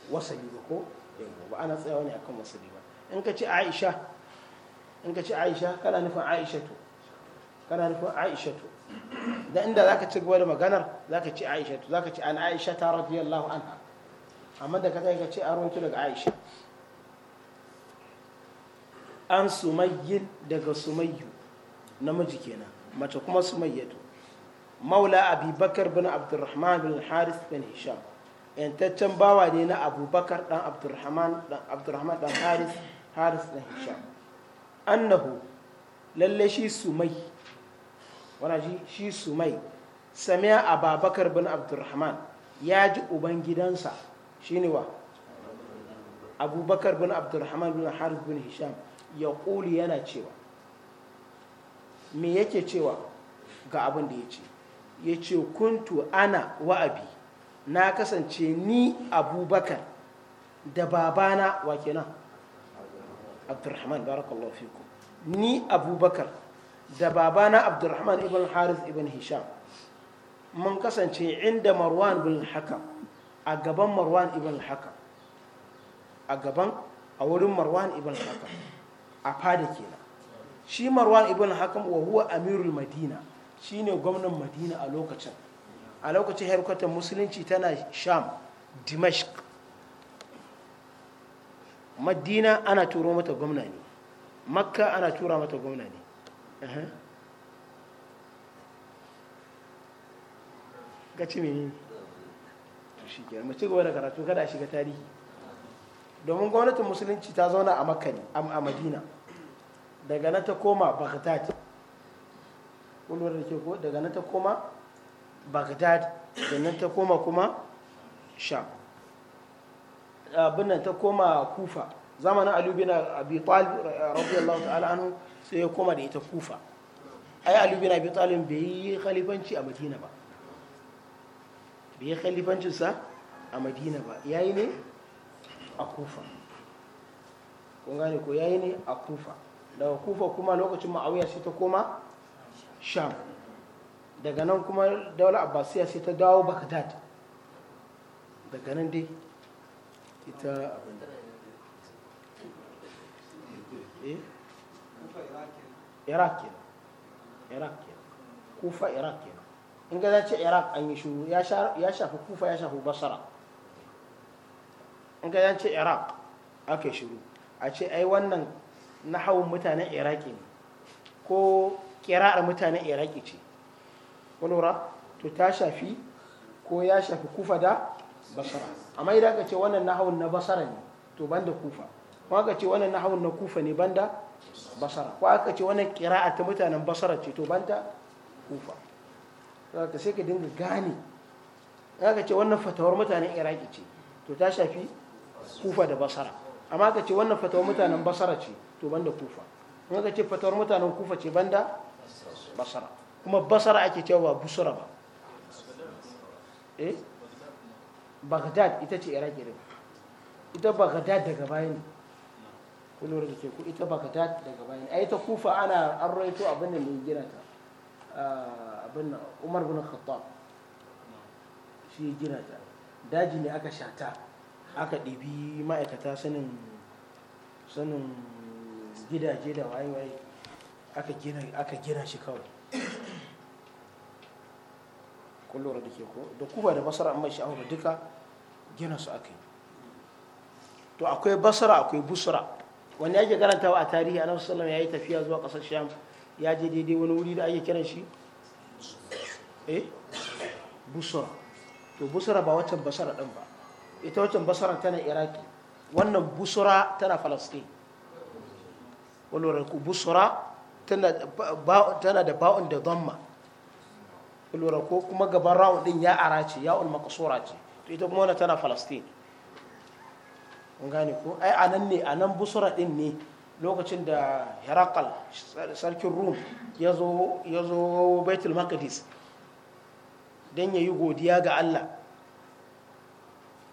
wasali ba ko ba ana tsayawa ne akan wasali ba in ka ce aisha in ka ce aisha kana nufin aisha to kana nufin aisha to da inda zaka ci gaba da maganar zaka ci aisha to zaka ci an aisha ta radiyallahu anha amma da ka tsaye ka ce a rawaito daga aisha an sumayyin daga sumayyu namiji kenan mace kuma sumayyatu maula abubakar bin abdurrahman bin haris bin hisham yantaccen bawa ne na abubakar dan abdurrahman dan haris haris dan hisham annahu lalle shi sumai wana ji shi sumai samiya ababakar bin abdurrahman ya ji ubangidansa. gidansa shine wa abubakar bin abdurrahman bin harif bin hisham ya ƙuli yana cewa me yake cewa ga abin da ya ce ya ce kuntu ana wa'abi na kasance ni abubakar da babana wa kenan abdurrahman barakallahu fiku ni abubakar da babana abdurrahman ibn harif ibn hisham mun kasance inda marwan bin hakam a gaban marwan ibn haka a gaban a wurin marwan ibn haka a fada kenan shi marwan ibn hakan wa huwa amirul madina shine gwamnan madina a lokacin a lokacin harkatar musulunci tana sham dimashq madina ana turo mata gwamna ne makka ana tura mata gwamna ne gaci menene shi kenan mu ci gaba da karatu kada a shiga tarihi domin gwamnatin musulunci ta zauna a makani a madina daga na ta koma baghdad kulwar da ke ko daga na ta koma baghdad da ta koma kuma sham abin nan ta koma kufa zamanin alubina abi talib eh, radiyallahu ta'ala anhu sai ya koma da ita kufa ai alubina abi talib bai yi khalifanci a madina ba bai yi khalifancinsa a madina ba ya yi ne a kufa kun gane ko ya yi ne a kufa daga kufa kuma lokacin ma'auya sai ta koma sham daga nan kuma daular abbasiya sai ta dawo bagdad daga nan dai ita abin eh? iraq kufa iraq in ga ce iraq an yi shuru ya shafi kufa ya shafi basara in ga ce iraq aka shuru a ce ai wannan na hawan mutanen iraki ne ko kira'ar mutanen iraki ce kulura to ta shafi ko ya shafi kufa da basara amma idan aka ce wannan na hawan na basara ne to banda kufa ko aka ce wannan na hawan na kufa ne banda basara ko aka ce wannan kira'a ta mutanen basara ce to banda kufa ka sai ka dinga gane ka ce wannan fatawar mutanen iraki ce to ta shafi kufa da basara amma ka ce wannan fatawar mutanen basara ce to banda kufa kuma ka ce fatawar mutanen kufa ce banda basara kuma basara ake cewa ba busura ba eh baghdad ita ce iraki ne ita baghdad daga bayan ne da ke ku ita baghdad daga bayan a ai ta kufa ana an rawaito abin da mai gina ta ah, abin umar bin khattab shi ya gina ta daji ne aka shata aka ɗibi ma'aikata sanin sanin gidaje da waye-waye aka gina shi kawai kullum da ke ko da kuba da basara amma shi abu duka gina su aka yi to akwai basara akwai busara wani ake karantawa a tarihi a nan ya yi tafiya zuwa ƙasar sham ya je daidai wani wuri da ake kiran shi eh busra to busra ba waccan basara din ba ita waccan basara tana iraki wannan busra tana falastin walwar ku busra tana da ba'un da dhamma lura ko kuma gaban ra'un din ya Arace, ya ul maqsura ce to ita kuma wannan tana falastin kun gane ko ai anan ne anan busra din ne lokacin da herakal sarkin rum ya zo baitul maqdis don ya yi godiya ga Allah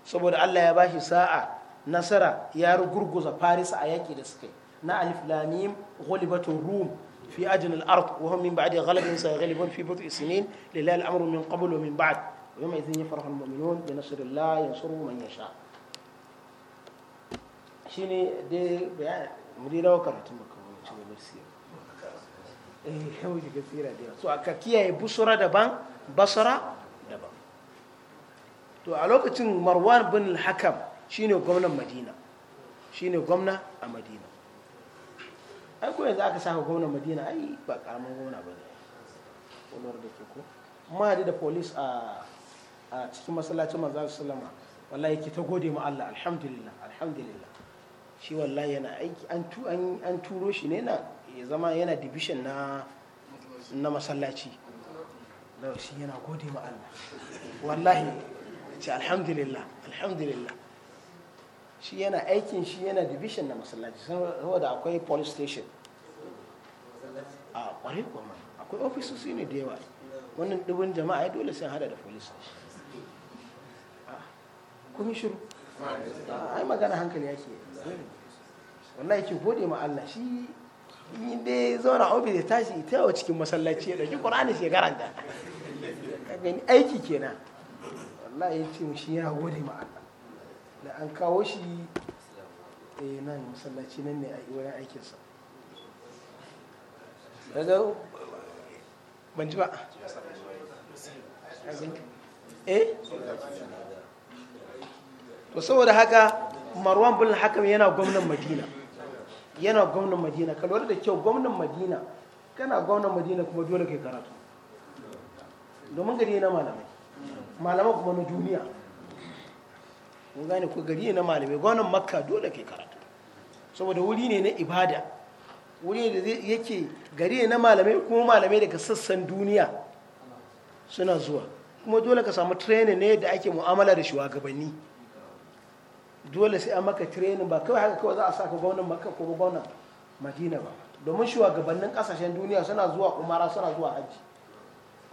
saboda Allah ya bashi sa'a nasara ya rugurguza Faris a yaƙi da suka yi na alif lamim ghalibatun rum fi ajin al-ard wa hum min ba'di sa ghalibun fi butu isnin lillahi al min qablu min ba'd wa yawma idhin yafrahu al-mu'minun bi nasrillah yansuru man yasha dai karatun eh da so aka kiyaye busura daban Basara daban to a lokacin marwan bin hakam shine gwamnan madina shine gwamna a madina ai ko yanzu aka saka gwamnan madina ai ba karamin gwamna ba ne kulwar da ke ko yadda da polis a cikin masallacin manzo sallama wallahi ki ta gode ma Allah alhamdulillah alhamdulillah shi wallahi yana aiki an turo shi ne na ya zama yana division na na masallaci shi yana gode ma Allah wallahi ce alhamdulillah alhamdulillah shi yana aikin shi yana division na masallaci saboda akwai police station a kwarai kuma akwai ofisoshi ne da yawa wannan dubin jama'a ya dole sai hada da police station kuma shiru ai magana hankali yake wallahi ki gode ma Allah shi in dai zauna ofis ya tashi ita yawa cikin masallaci ya ɗauki ƙorani shi karanta gani aiki kenan wallahi ya ce mushi ya gode ma da an kawo shi eh nan masallaci nan ne a wurin aikinsa daga ban ji ba eh to saboda haka marwan bin hakan yana gwamnan madina yana gwamnan madina ka lura da kyau gwamnan madina kana gwamnan madina kuma dole kai karatu domin gari na malamai malamai kuma na duniya mun gane ko gari na malamai gwamnan makka dole kai karatu saboda wuri ne na ibada wuri da yake gari na malamai kuma malamai daga sassan duniya suna zuwa kuma dole ka samu training ne da ake mu'amala da shugabanni dole sai an maka training ba kawai haka kawai za a saka gwamnan maka ko gwamnan madina ba domin shugabannin kasashen duniya suna zuwa umara suna zuwa hajji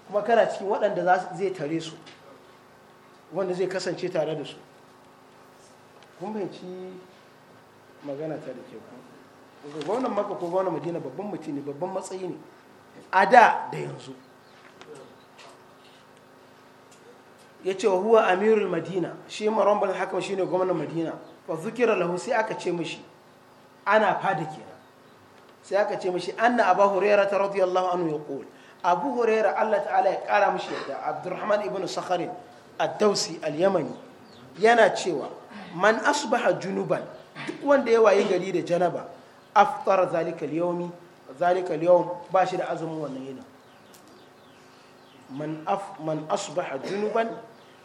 kuma kana cikin waɗanda zai tare su wanda zai kasance tare da su kun fahimci magana ta da ke ku gwamnan maka ko gwamnan madina babban mutum ne babban matsayi ne a da da yanzu ya ce huwa amirul madina shi maron hakan shi shine gwamnan madina fa zukira lahu sai aka ce mishi ana fada kenan sai aka ce mishi anna abu huraira ta radiyallahu anhu yaqul abu huraira Allah ta'ala ya kara mishi yadda abdurrahman ibn sakhari addausi dausi al-yamani yana cewa man asbaha junuban duk wanda ya waye gari da janaba aftara zalika al-yawmi zalika al-yawm ba shi da azumin wannan yana man af man asbaha junuban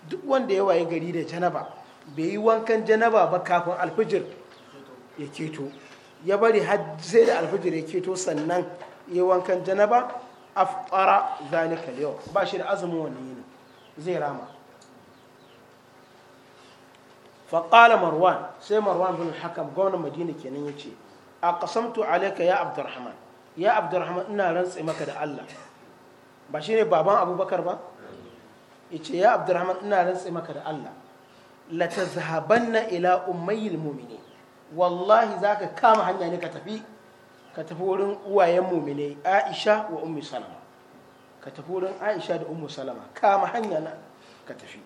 duk wanda ya waye gari da janaba bai yi wankan janaba ba kafin alfijir ya keto ya bari har sai da alfijir ya keto sannan ya wankan janaba fara zane yau ba shi da azumin wani yini zai rama faƙala marwan sai marwan bin hakan gwamnan madina kenan ya ce a ƙasamtu alaika ya abdurrahman ya abdurrahman ina rantsi maka da allah ba shi ne baban abubakar ba yace ya abdurrahman ina rantse maka da Allah la tazhabanna ila ummayil mu'minin wallahi zaka kama hanya ne ka tafi ka tafi wurin uwayen Aisha wa ummi Salama ka tafi wurin Aisha da ummu Salama kama hanya na ka tafi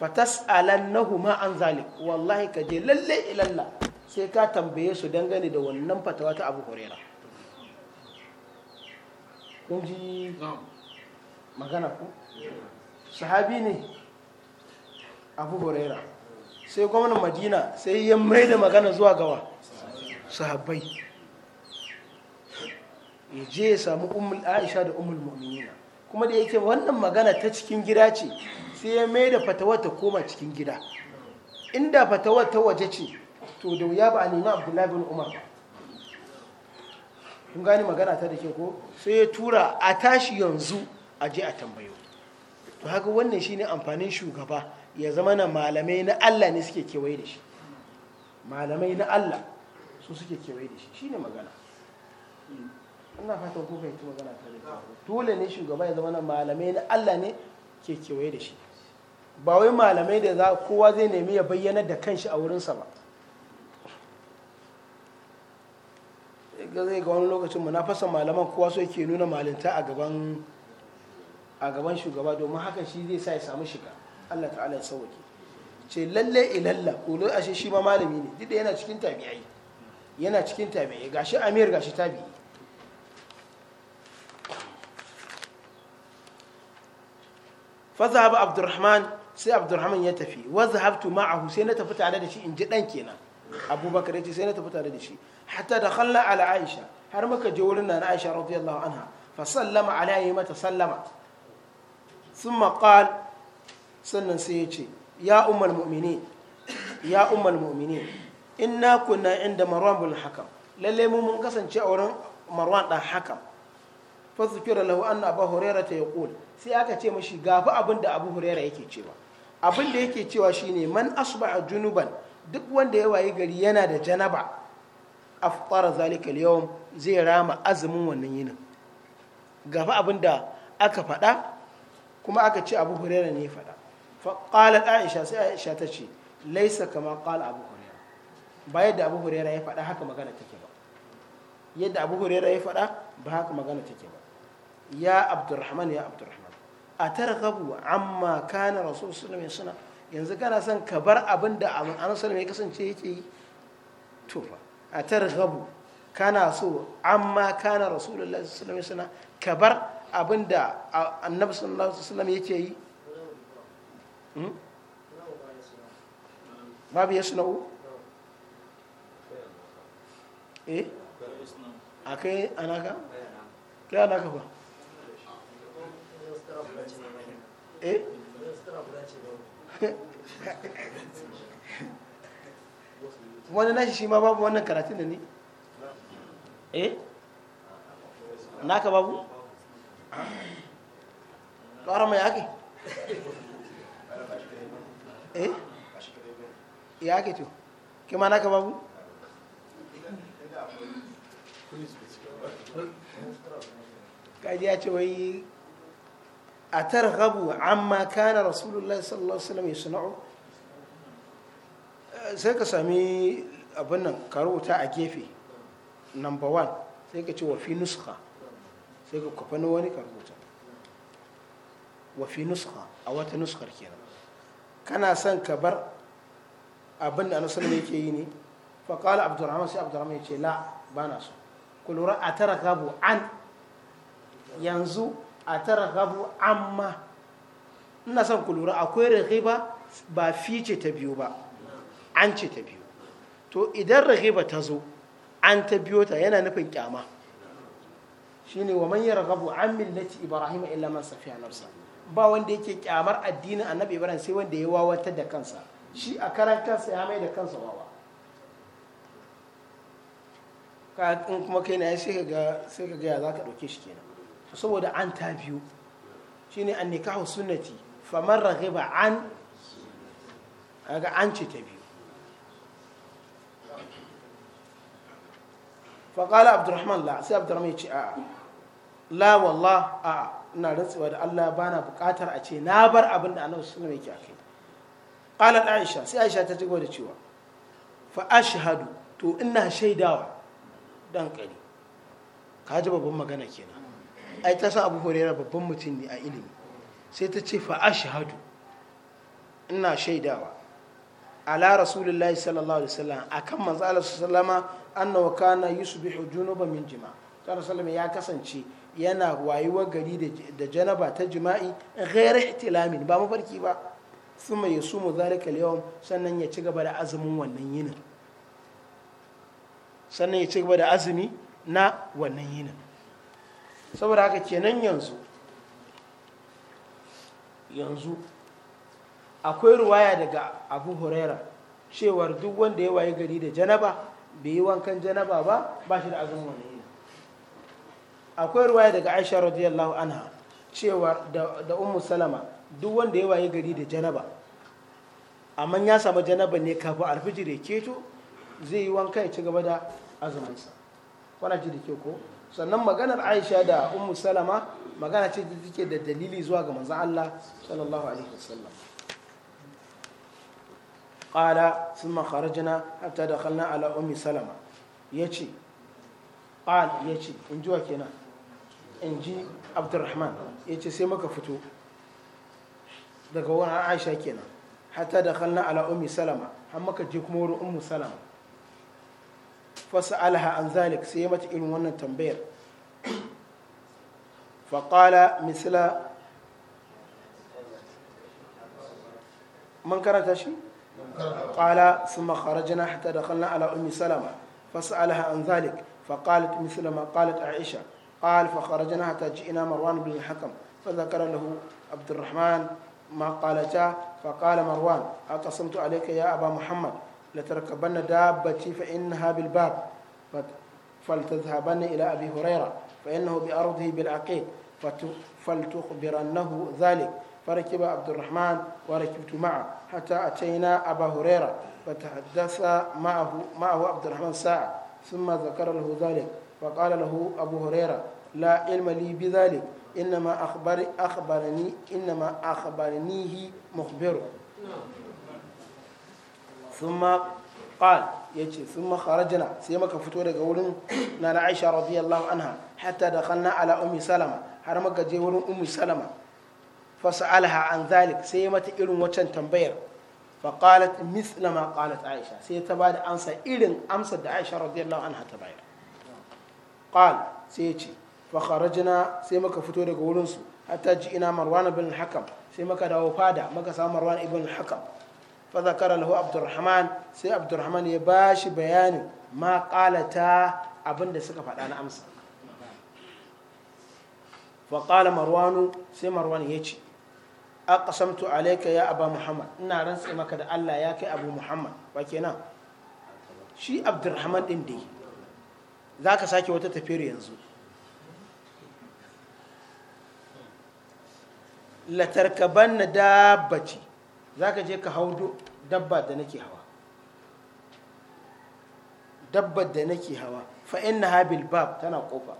fatas'alannahu ma an zalik wallahi ka je lalle ilalla sai ka tambaye su dangane da wannan fatawa ta Abu Huraira kun ji magana ku sahabi ne abu huraira sai gwamnan madina sai ya mai da magana zuwa gawa sahabbai ya je ya samu umul aisha da umul mu'minina kuma da yake wannan magana ta cikin gida ce sai ya mai da fatawar ta koma cikin gida inda fatawar ta waje ce to da wuya ba a nemi abdullahi bin umar ba kun gani magana ta da ke ko sai ya tura a tashi yanzu a je a tambayo to haka wannan shine amfanin shugaba ya zama na malamai na Allah ne suke kewaye da shi malamai na Allah su suke kewaye da shi shine magana ina fata ko fahimci magana ta da dole ne shugaba ya zama na malamai na Allah ne ke kewaye da shi ba wai malamai da za kowa zai nemi ya bayyana da kanshi a wurinsa ba zai ga wani lokacin munafasan malaman kowa so yake nuna malinta a gaban a gaban shugaba domin hakan shi zai sa ya samu shiga Allah ta'ala ya sauke ce lalle ilalla kulo ashe shi ma malami ne duk da yana cikin tabi'ai yana cikin tabi'ai gashi amir gashi tabi'i fa zahaba abdurrahman sai abdurrahman ya tafi wa zahabtu ma'ahu sai na tafi tare da shi in ji dan kenan abubakar yace sai na tafi tare da shi hatta da khalla ala aisha har muka je wurin na aisha radiyallahu anha fa sallama alayhi mata sallama sun maƙal sannan sai ya ce ya umar mu'mini ya umar mu'mini inna kuna inda marwan bin hakam lalle mu mun kasance a wurin marwan ɗan hakam fa zikira lahu na ba hurera ta ya ƙul sai aka ce mashi gafi abin da abu hurera yake cewa abin da yake cewa shine man a junuban duk wanda ya wayi gari yana da janaba fara zalika al zai rama azumin wannan yinin gafi abin da aka faɗa kuma aka ce abu huraira ne faɗa faƙalar aisha sai aisha ta ce laisa kama ƙala abu huraira ba yadda abu huraira ya faɗa haka magana take ba yadda abu huraira ya faɗa ba haka magana take ba ya abdurrahman ya abdurrahman a ta targhabu amma kana suna sallallahu suna. yanzu kana son ka bar abin da annabi sallallahu ya kasance yake yi to fa a targhabu kana so amma kana rasulullahi suna alaihi suna ka bar abin da annabi sallallahu alaihi wasallam yake yi hmm? babu yasna'u eh akai anaka kai anaka ba eh wani na shi ma babu wannan karatun da ni eh naka babu ƙwara mai yaƙi eh ya ke to ke ma naka babu kaji ya ce wai a targhabu amma kana rasulullahi sallallahu alaihi wasallam ya sana'u eh, sai ka sami abin nan ka rubuta a gefe number 1 sai ka ce wa fi nuskha sai ka kwafa na wani ka rubuta nuska a wata nuskar kenan kana son ka bar abin da anasar ne yake yi ne faƙala abdurrahman sai abdurrahman ya ce la ba na so ku lura a tara gabu an yanzu a tara gabu amma ina son ku lura akwai rahiba ba fi ce ta biyu ba an ce ta biyu to idan rahiba ta zo an ta biyo ta yana nufin kyama shine wa man yarghabu an millati ibrahim illa man safiya nafsa ba wanda yake kyamar addinin annabi ibrahim sai wanda ya wawatar da kansa shi a karan kansa ya mai da kansa wawa ka in kuma kai na sai ga sai ka ga za ka dauke shi kenan saboda an ta biyu shine an nikahu sunnati faman raghiba an ga an ce ta biyu فقال عبد الرحمن لا سي عبد الرحمن يجي آه. la wallah a ina rantsuwa da Allah bana bukatar a ce na bar abin da annabi sallallahu alaihi wasallam yake akai qalat aisha sai aisha ta ci da cewa fa ashhadu to ina shaidawa dan kare ka ji babban magana kenan ai ta san abu horera babban mutum ne a ilimi sai ta ce fa ashhadu ina shaidawa ala rasulullahi sallallahu alaihi wasallam akan manzo Allah sallallahu alaihi wasallama annahu kana yusbihu junuban min jima' Ta alaihi ya kasance yana wayewar gari da janaba ta jima'i ghairu ihtilamin ba mafarki ba sun mai su mu zalika yawm sannan ya ci gaba da azumin wannan yinin sannan ya ci gaba da azumi na wannan yinin saboda haka kenan yanzu yanzu akwai ruwaya daga abu huraira cewar duk wanda ya waye gari da janaba bai yi wankan janaba ba ba shi da azumin wannan yinin akwai ruwaya daga aisha radiyallahu anha cewa da umu salama duk wanda ya waye gari da janaba amma ya samu janaba ne kafin alfijir ya keto zai yi wanka ya ci gaba da azuminsa kwana ji da ke ko sannan maganar aisha da umu salama magana ce da take da dalili zuwa ga manzan Allah sallallahu alaihi wasallam sun makarar jina hatta da ala ummi salama ya ce, yace ya ce in jiwa kenan in ji abdurrahman ya ce sai maka fito daga wurin aisha kenan hatta da kallon ala ummi salama har muka je kuma wurin ummu salama fasa alaha an zalik sai ya mata irin wannan tambayar faƙala misla man karanta shi ƙala sun makarajina hatta da kallon ala ummi salama fasa alaha an zalik faƙalat misla ma ƙalat aisha قال فخرجنا حتى جئنا مروان بن الحكم فذكر له عبد الرحمن ما قالتا فقال مروان أقسمت عليك يا أبا محمد لتركبن دابتي فإنها بالباب فلتذهبن إلى أبي هريرة فإنه بأرضه بالعقيد فلتخبرنه ذلك فركب عبد الرحمن وركبت معه حتى أتينا أبا هريرة فتحدث معه, معه عبد الرحمن ساعة ثم ذكر له ذلك فقال له أبو هريرة لا علم لي بذلك إنما أخبر أخبرني إنما أخبرنيه مخبره ثم قال يجي ثم خرجنا سيما كفتو daga wurin nana Aisha radiyallahu anha hatta dakhalna ala ummi Salama har muka je wurin ummi Salama fas'alaha an dhalik sai mata irin waccan tambayar fa qalat mithla ma qalat Aisha sai ta bada amsa irin amsar da Aisha radiyallahu anha ta bayar qal sai ya ce fa sai muka fito daga wurin su hatta ji ina marwan ibn hakam sai muka dawo fada muka samu marwan ibn hakam fa zakara lahu abdurrahman sai abdurrahman ya bashi bayanin ma qalata abinda suka faɗa na amsa fa qala sai marwan ya ce aqsamtu alayka ya aba muhammad ina rantsa maka da Allah ya kai abu muhammad wa kenan shi abdurrahman din dai zaka sake wata tafiyar yanzu latarkaban na dabbaci za ka je ka hau dabba da nake hawa dabbar da nake hawa fa'in na habil bab tana kofa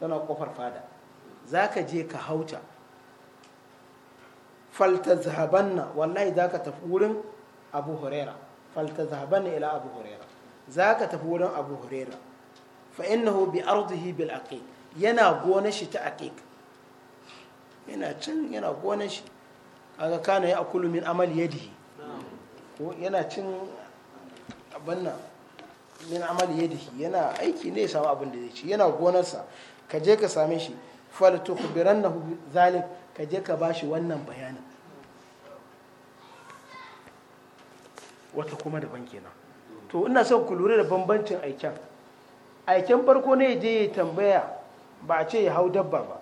tana kofar fada za ka je ka hauta falta zahabanna wallahi za ka tafi wurin abu huraira falta zahabanna ila abu huraira za ka tafi wurin abu huraira fa'in na hobi arziki bil aqiq yana gona shi ta aqiq yana cin yana gonan shi kaga kana ya akulu min amal yadi ko yana cin abin min amal yadi yana aiki ne ya samu abin da zai ci yana gonarsa ka je ka same shi fal tukhbirannahu zalik ka je ka bashi wannan bayanin wata kuma daban kenan to ina son ku lura da bambancin aikin aikin farko ne je ya tambaya ba a ce ya hau dabba ba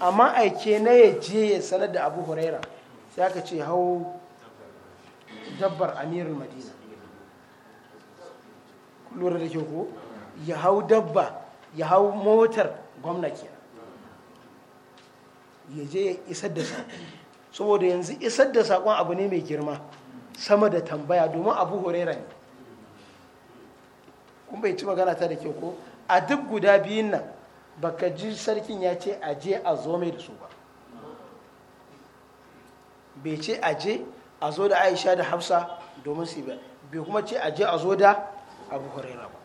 amma aike na ya je ya sanar da abu huraira sai aka ce hau dabbar amirul madina lura da ya hau dabba ya hau motar gwamna ya je ya isar da saƙon saboda yanzu isar da saƙon abu ne mai girma sama da tambaya domin abu huraira ne kun bai ci magana ta da kyau ko a duk guda biyun nan baka ji sarkin ya ce aje a zo mai da su ba bai ce aje a zo da aisha da hafsa domin su ba bai kuma ce aje a zo da abu huraira ba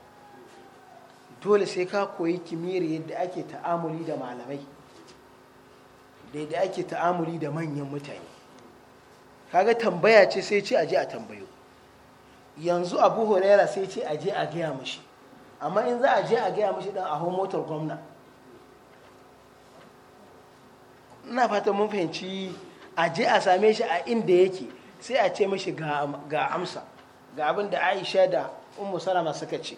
dole sai ka koyi kimiyyar yadda ake ta'amuli da malamai da yadda ake ta'amuli da manyan mutane kaga tambaya ce sai ce aje a tambayo yanzu abu huraira sai ce aje a gaya mashi amma in za a je a gaya mashi dan a hau motar gwamna ina fata mun fahimci a je a same shi a inda yake sai a ce mashi ga amsa ga abin da aisha da umu salama suka ce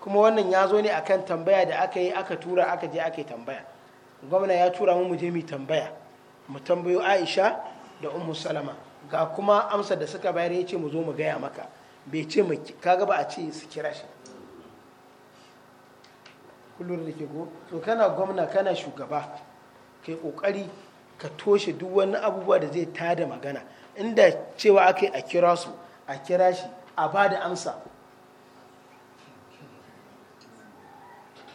kuma wannan ya zo ne akan tambaya da aka yi aka tura aka je aka yi tambaya gwamna ya tura mu je mu tambaya mu tambayo aisha da umu salama ga kuma amsa da suka bayar ya ce mu zo mu gaya maka bai ce mu kaga ba a ce su kira shi kullum da ke go to kana gwamna kana shugaba kai kokari ka toshe duk wani abubuwa da zai da magana inda cewa aka yi a kira su a kira shi a ba da amsa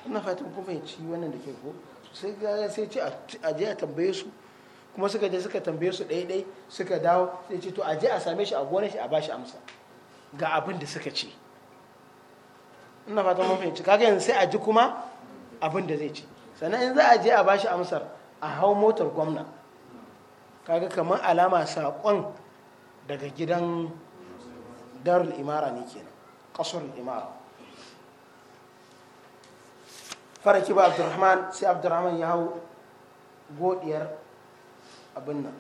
ina fatan ya fahimci wannan da ke ko sai ga sai ce a je a tambaye su kuma suka je suka tambaye su ɗaya ɗaya suka dawo sai ce to a je a same shi a gonar shi a ba shi amsa ga abin da suka ce ina fatan ya fahimci kaga yanzu sai a ji kuma abin da zai ce sannan in za a je a ba shi amsar a hau motar gwamna kaga kamar alama saƙon daga gidan darul imara ne kenan ƙasar imara faraki ba abdurrahman sai abdurrahman ya hau godiyar abin nan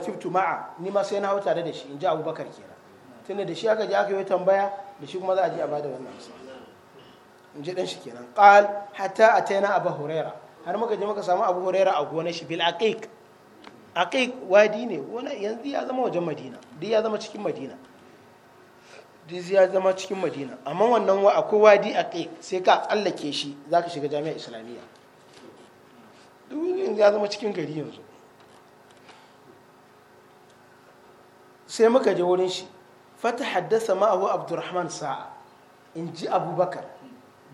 kiftu ma'a ni ma sai na hau tare da shi in ji abubakar kenan tunda da shi aka ji aka yi tambaya da shi kuma za a ji a bada wannan in ji dan shi kenan ƙal hatta a taina abu huraira har muka je muka samu abu huraira a gonar shi bil aqiq aqiq wadi ne wani yanzu ya zama wajen madina duk ya zama cikin madina duk ya zama cikin madina amma wannan wa akwai wadi aqiq sai ka tsallake shi zaka shiga jami'a islamiyya duk ya zama cikin gari yanzu sai muka je wurin shi fata haddasa ma'ahu abdurrahman sa'a in ji abubakar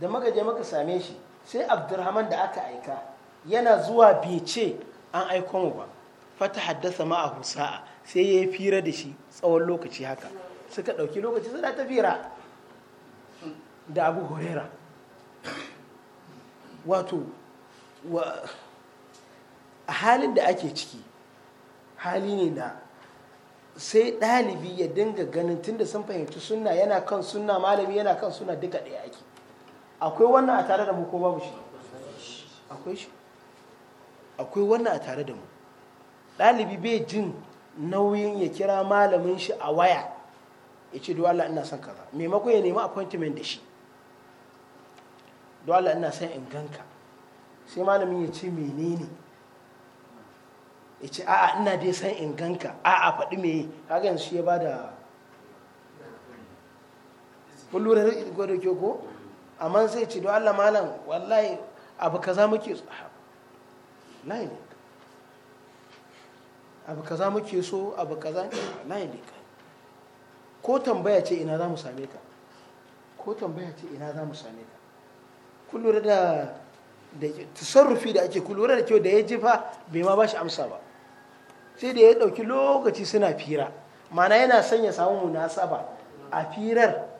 da muka je muka same shi sai abdurrahman da aka aika yana zuwa bai ce an aiko mu ba fata haddasa ma a husa'a sai ya yi fira da shi tsawon lokaci haka suka ɗauki lokaci suna ta fira da abu horera wato a halin da ake ciki hali ne da sai ɗalibi ya dinga ganin tunda sun fahimci suna yana kan suna malami yana kan suna duka ɗaya ake akwai wannan a tare da mu ko babu shi akwai shi akwai wannan a tare da mu ɗalibi bai jin nauyin ya kira malamin shi a waya ya ce do Allah ina son kaza maimako ya nemi appointment da shi do Allah ina son in ganka sai malamin ya ce menene ya ce a'a ina dai son in ganka a'a faɗi me kaga yanzu shi ya bada da kullum da ko amma sai ce don Allah malam wallahi abu kaza muke so layi ne abu kaza muke so abu kaza layi ne ko tambaya ce ina za mu same ka ko tambaya ce ina za mu same ka kullura da da tasarrufi da ake kullura da kyau da ya jifa bai ma ba shi amsa ba sai da ya ɗauki lokaci suna fira mana yana sanya samun samu munasaba a firar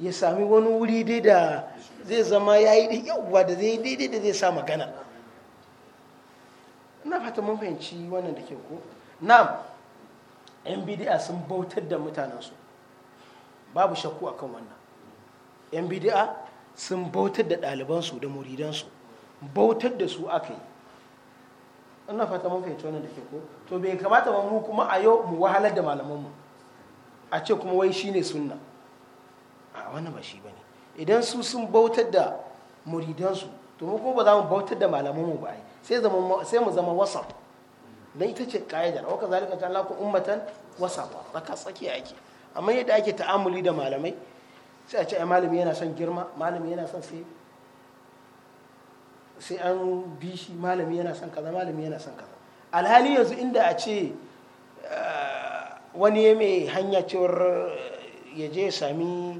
ya sami wani wuri dai da zai zama ya yi da yawwa da zai daidai da zai sa magana ina fata mun fahimci wannan da ke ko na yan bidi'a sun bautar da mutanensu babu shakku akan wannan yan bidi'a sun bautar da ɗalibansu da muridansu bautar da su aka yi ina fata mun fahimci wannan da ke ko to bai kamata mu kuma a yau mu wahalar da malamanmu a ce kuma wai shine sunna wannan ba shi bane idan su sun bautar da muridansu to mu kuma ba za mu bautar da malamanmu ba ai sai zama sai mu zama wasa dan ita ce kaidar wa kazalika ta Allah ummatan wasafa ka tsakiya yake amma yadda ake ta'amuli da malamai sai a ce ai malami yana son girma malami yana son sai sai an bi shi malami yana son kaza malami yana son kaza alhali yanzu inda a ce eh, wani ya mai hanya cewar eh, ya je sami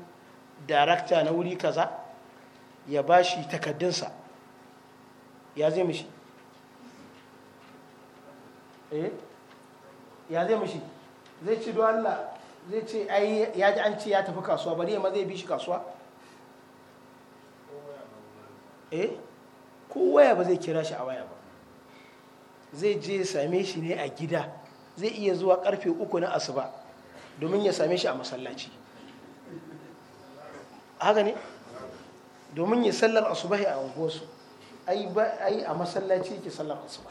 darakta na wuri kaza ya ba shi takaddunsa ya zai mishi eh ya zai mishi zai ci don Allah zai ce ai ya ji an ce ya tafi kasuwa bari ya ma zai bi shi kasuwa eh ko waya ba zai kira shi a waya ba zai je same shi ne a gida zai iya zuwa karfe uku na asuba domin ya same shi a masallaci haka ne domin yi sallar asubahi a unguwarsu ai a masallaci yake sallar asuba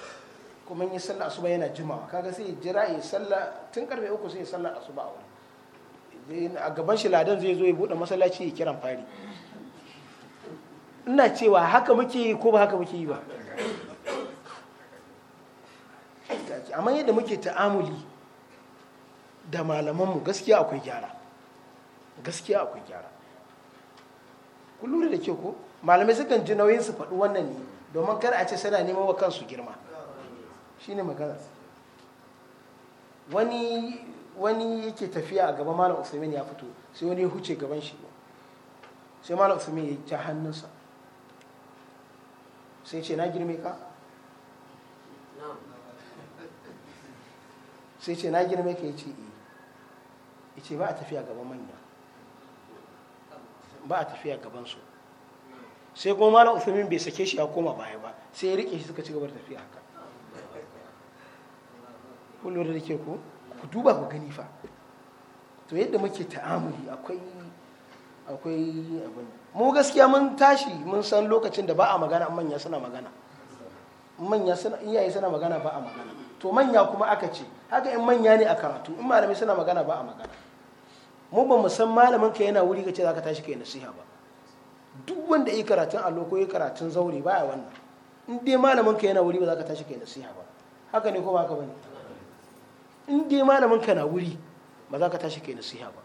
kuma yi sallar asuba yana jimawa kaga sai jira yi sallar tun karfe uku sai sallar asuba a wani a gaban shi ladan zai zo ya buɗe masallaci ya kiran fari ina cewa haka muke yi ko ba haka muke yi ba amma yadda muke ta'amuli da malamanmu gaskiya akwai gyara gaskiya akwai gyara kun lura da ke ko malamai sukan ji nauyin su faɗi wannan ne domin kar a ce suna neman wa kansu girma ne magana wani wani yake tafiya a gaban malam usaimin ya fito sai wani ya huce gaban shi sai malam usaimin ya ta hannunsa sai ce na girme ka sai ce na girme ka ya ce eh. ya ce ba a tafiya gaban manya ba a tafiya gabansu sai kuma malam uthmin bai sake shi ya koma baya ba sai ya rike shi suka ci gaba da tafiya haka kullum da ke ku ku duba ku gani fa to yadda muke ta'amuli akwai akwai abin mu gaskiya mun tashi mun san lokacin da ba a magana manya suna magana manya suna iyaye suna magana ba a magana to manya kuma aka ce haka in manya ne a karatu in malami suna magana ba a magana mu ba mu san malamin ka yana wuri kace zaka tashi kai nasiha ba duk wanda yi karatun allo ko yi karatun zaure ba a wannan in dai malamin ka yana wuri ba zaka tashi kai nasiha ba haka ne ko ba haka bane in dai malamin ka na wuri ba za ka tashi kai nasiha ba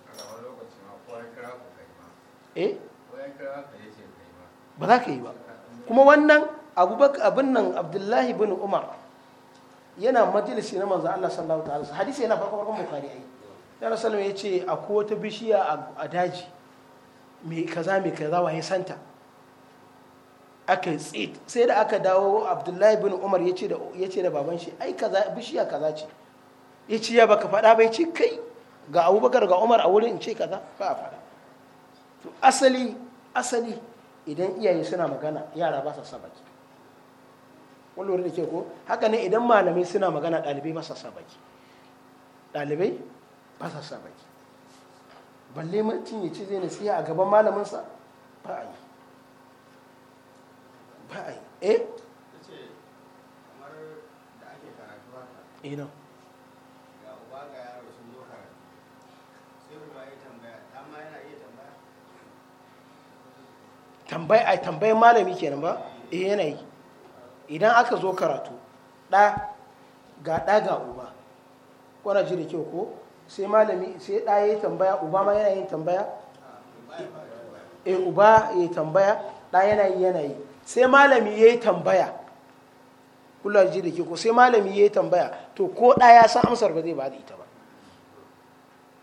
eh ba za ka yi ba kuma wannan abin nan abdullahi bin umar yana majalisi na manzo Allah sallallahu ta'ala hadisi yana farko farkon bukhari ai yana salama ya ce a wata bishiya a daji mai kaza mai kaza wa ya santa aka tsit sai da aka dawo abdullahi bin umar ya ce da baban shi ai bishiya kaza ce ya ce ya baka faɗa bai ce kai ga abubakar ga umar a wurin in ce kaza ba a faɗa to asali asali idan iyaye suna magana yara ba sa sabaki wani da ke ko haka ne idan malamai suna magana ɗalibai ba sa sabaki ɗalibai ba sa sa baki balle mancin ya ce zai nasiha a gaban malaminsa ba a yi ba a yi eh ta ce kamar da ake ina eh, ga uba ga yaro sun zo karatu sai uba ya tambaya dama yana iya tambaya tambaya ai tambayar malami kenan ba eh. eh yana yi idan aka zo karatu ɗa ga ɗa ga uba kwanaji da kyau ko sai malami sai ɗa ya tambaya uba ma yana yin tambaya e uba ya tambaya ɗa yana yi yana yi sai malami ya yi tambaya kula ji da ke ko sai malami ya yi tambaya to ko ɗa ya san amsar ba zai ba da ita ba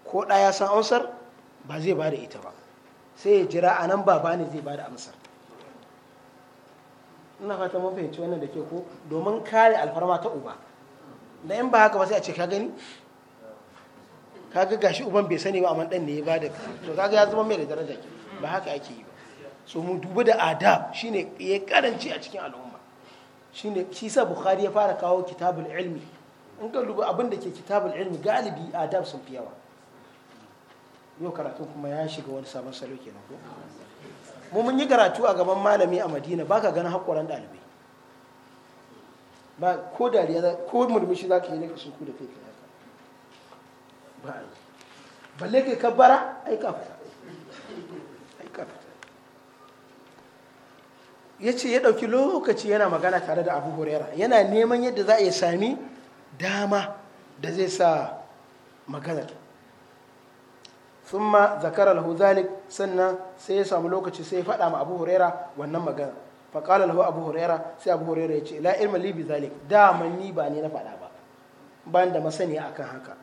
ko ɗa ya san amsar ba zai ba da ita ba sai ya jira a nan baba ne zai ba da amsar ina fata mun fahimci wannan da ke ko domin kare alfarma ta uba da in ba haka ba sai a ce ka gani kaga gashi uban bai sani ba amma dan ne ya bada to kaga ya zama mai da daraja ke ba haka ake yi ba so mu duba da adab shine ya karanci a cikin al'umma shine shi sa bukhari ya fara kawo kitabul ilmi in ka duba abin da ke kitabul ilmi galibi adab sun fi yawa yau karatu kuma ya shiga wani sabon salo kenan ko mu mun yi karatu a gaban malami a madina baka ganin hakuran ɗalibai. ba ko dariya ko murmushi zaka yi ne ka suku da kai ba balle ke kabbara ai ka fita ai ka fita ya ce ya ɗauki lokaci yana magana tare da abu huraira yana neman yadda za a yi sami dama da zai sa maganar thumma zakara lahu zalik sannan sai ya samu lokaci sai ya faɗa ma abu huraira wannan magana faƙala lahu abu huraira sai abu huraira ya ce la ilma zalik dama ni ba ne na faɗa ba ban da masaniya akan haka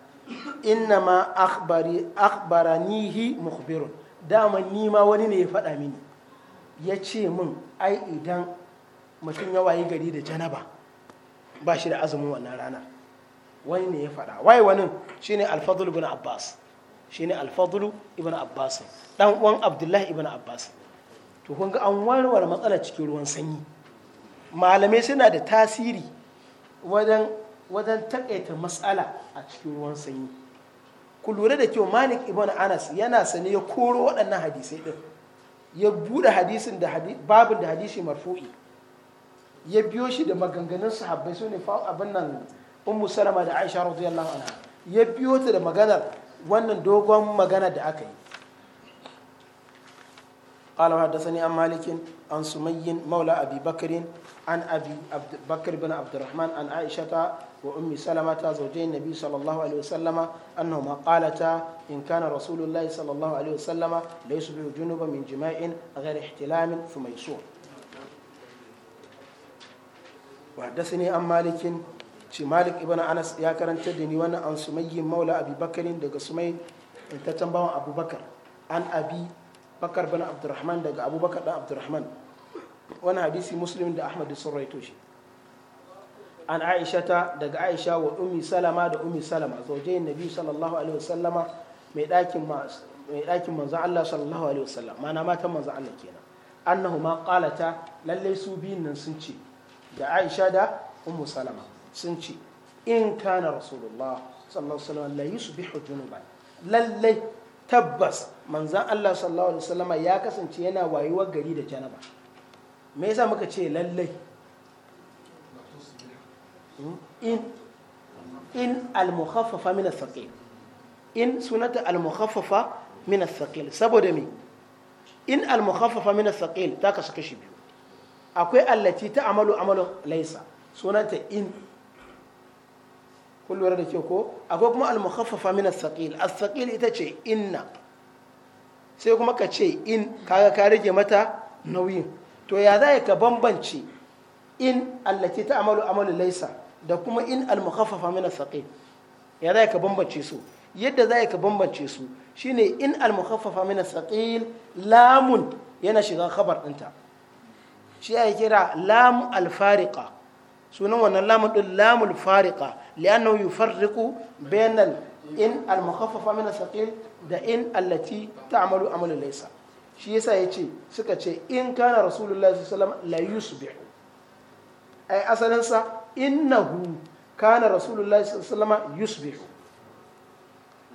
innama akhbari akhbaranihi mukhbirun dama ni ma wani ne ya faɗa mini ya ce min ai idan mutum ya wayi gari da janaba ba shi da azumin wannan rana wani ne ya faɗa waye wani shine alfadul ibn abbas shine alfadul ibn abbas dan uwan abdullahi ibn abbas to kun ga an warware matsalar cikin ruwan sanyi malamai suna da tasiri wajen wajen takaita matsala a cikin ruwan sanyi ku lura da kyau malik ibn anas yana sane ya koro waɗannan hadisai ɗin ya buɗe hadisin da babin da hadisi marfu'i ya biyo shi da maganganun sahabbai su ne abin nan ummu salama da aisha radiyallahu anha ya biyo ta da maganar wannan dogon magana da aka yi قال وحدثني عن مالك عن سمي مولى أبي بكر عن أبي عبد بكر بن عبد الرحمن عن عائشة وأم سلمة زوجي النبي صلى الله عليه وسلم أنهما قالتا إن كان رسول الله صلى الله عليه وسلم ليصبح جنبا من جماع غير احتلام ثم يصوم وحدثني عن مالك مالك ابن أنس يا كرن تدني وأنا عن سمي مولى أبي بكر دق سمي تتنبأ أبو بكر عن أبي bakar bin abdurrahman daga abubakar dan abdurrahman wani hadisi muslim da ahmad sun raito shi an aisha ta daga aisha wa ummi salama da ummi salama zaujayin nabi sallallahu alaihi wasallama mai dakin mai ɗakin manzon Allah sallallahu alaihi wasallam mana matan manzon Allah kenan annahuma qalata lalle su biyun nan sun ce da aisha da ummu salama sun ce in kana rasulullah sallallahu alaihi wasallam la yusbihu junuban lalle tabbas manzan Allah sallallahu alaihi wasallama ya kasance yana wayuwar gari da janaba me yasa muka ce lallai in in al-mukhaffafa min as-saqil in sunata al-mukhaffafa min as-saqil saboda me in al-mukhaffafa min as-saqil ta kasu kashi biyu akwai allati ta amalu amalu laisa sunanta in kun da ke ko akwai kuma al-mukhaffafa min as-saqil as-saqil ita ce inna sai kuma ka ce in kaga ka rage mata nauyin to ya za ka bambance in allati ta amalu amalu laisa da kuma in almukhaffafa min asaqi ya za ka bambance su yadda za ka bambance su shine in almukhaffafa min asaqil lamun yana shiga khabar dinta shi ya kira lam alfariqa sunan wannan lamun din lamul fariqa li'annahu yufarriqu bainal in almukhaffafa min asaqil da in allati ta amalu laisa shi yasa ce suka ce in kana rasulullahi sallallahu alaihi wasallam la yusbihu ai asalin sa innahu kana rasulullahi sallallahu alaihi wasallam yusbihu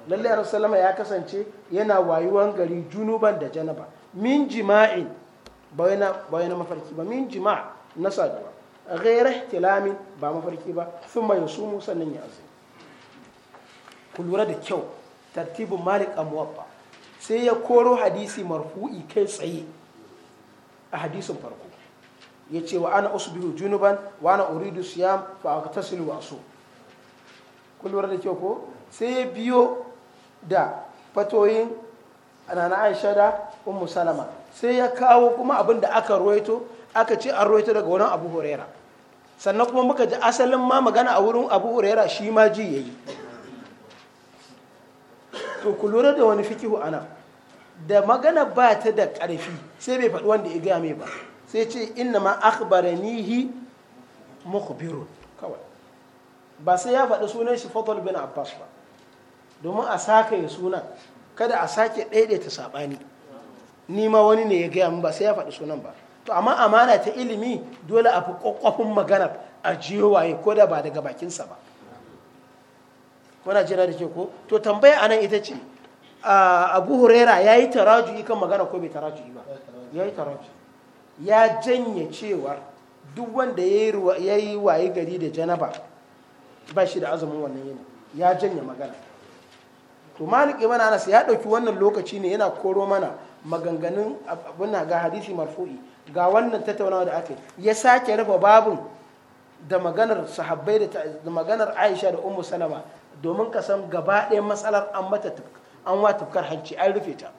lalle rasulullahi ya kasance yana wayuwan gari junuban da janaba min jima'in bayana bayana mafarki ba min jima' na saduwa ghayra ihtilamin ba mafarki ba thumma yasumu sannan ya azu kulura da kyau tartibin malik a sai ya koro hadisi marfu'i kai tsaye a hadisin farko ya ce wa ana usbihu junuban wa ana uridu siyam fa aqtasilu wa asu kullum da kyau ko sai ya biyo da fatoyin anana aisha da ummu salama sai ya kawo kuma abin da aka roito aka ce an roito daga wani abu huraira sannan kuma muka ji asalin ma magana a wurin abu huraira shi ma ji yayi to ku lura da wani fikihu ana da magana ba ta da ƙarfi sai bai faɗi wanda ya gaya mai ba sai ce inna ma nihi mukbiru kawai ba sai ya faɗi sunan shi fadl bin abbas ba domin a saka ya sunan kada a sake ɗaiɗaita saɓani ni ma wani ne ya gaya min ba sai ya faɗi sunan ba to amma amana ta ilimi dole a fi ƙwaƙwafin maganar a jiyo ko da ba daga bakinsa ba kuna jira da ke ko to tambaya anan ita ce abu huraira ya yi taraju'i kan magana ko bai taraju ba ya yi taraju ya janye cewar duk wanda ya yi waye gari da janaba ba shi da azumin wannan yana ya janye magana to malik ibn anas ya ɗauki wannan lokaci ne yana koro mana maganganun abin ga hadisi marfu'i ga wannan tattaunawa da aka ya sake rufe babun da maganar sahabbai da maganar Aisha da Ummu Salama domin ka san gaba ɗaya matsalar an mata an wa hanci an rufe ta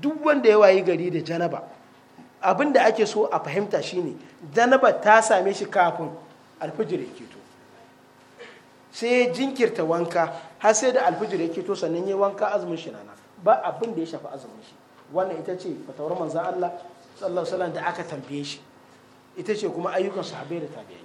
duk wanda ya wayi gari da janaba abin da ake so a fahimta shine janaba ta same shi kafin alfijir ya keto sai ya jinkirta wanka har sai da alfijir ya keto sannan ya wanka azumin shi nana ba abin da ya shafi azumin shi wannan ita ce fatawar manzan Allah sallallahu alaihi da aka tambaye shi ita ce kuma ayyukan sahabbai da tabi'ai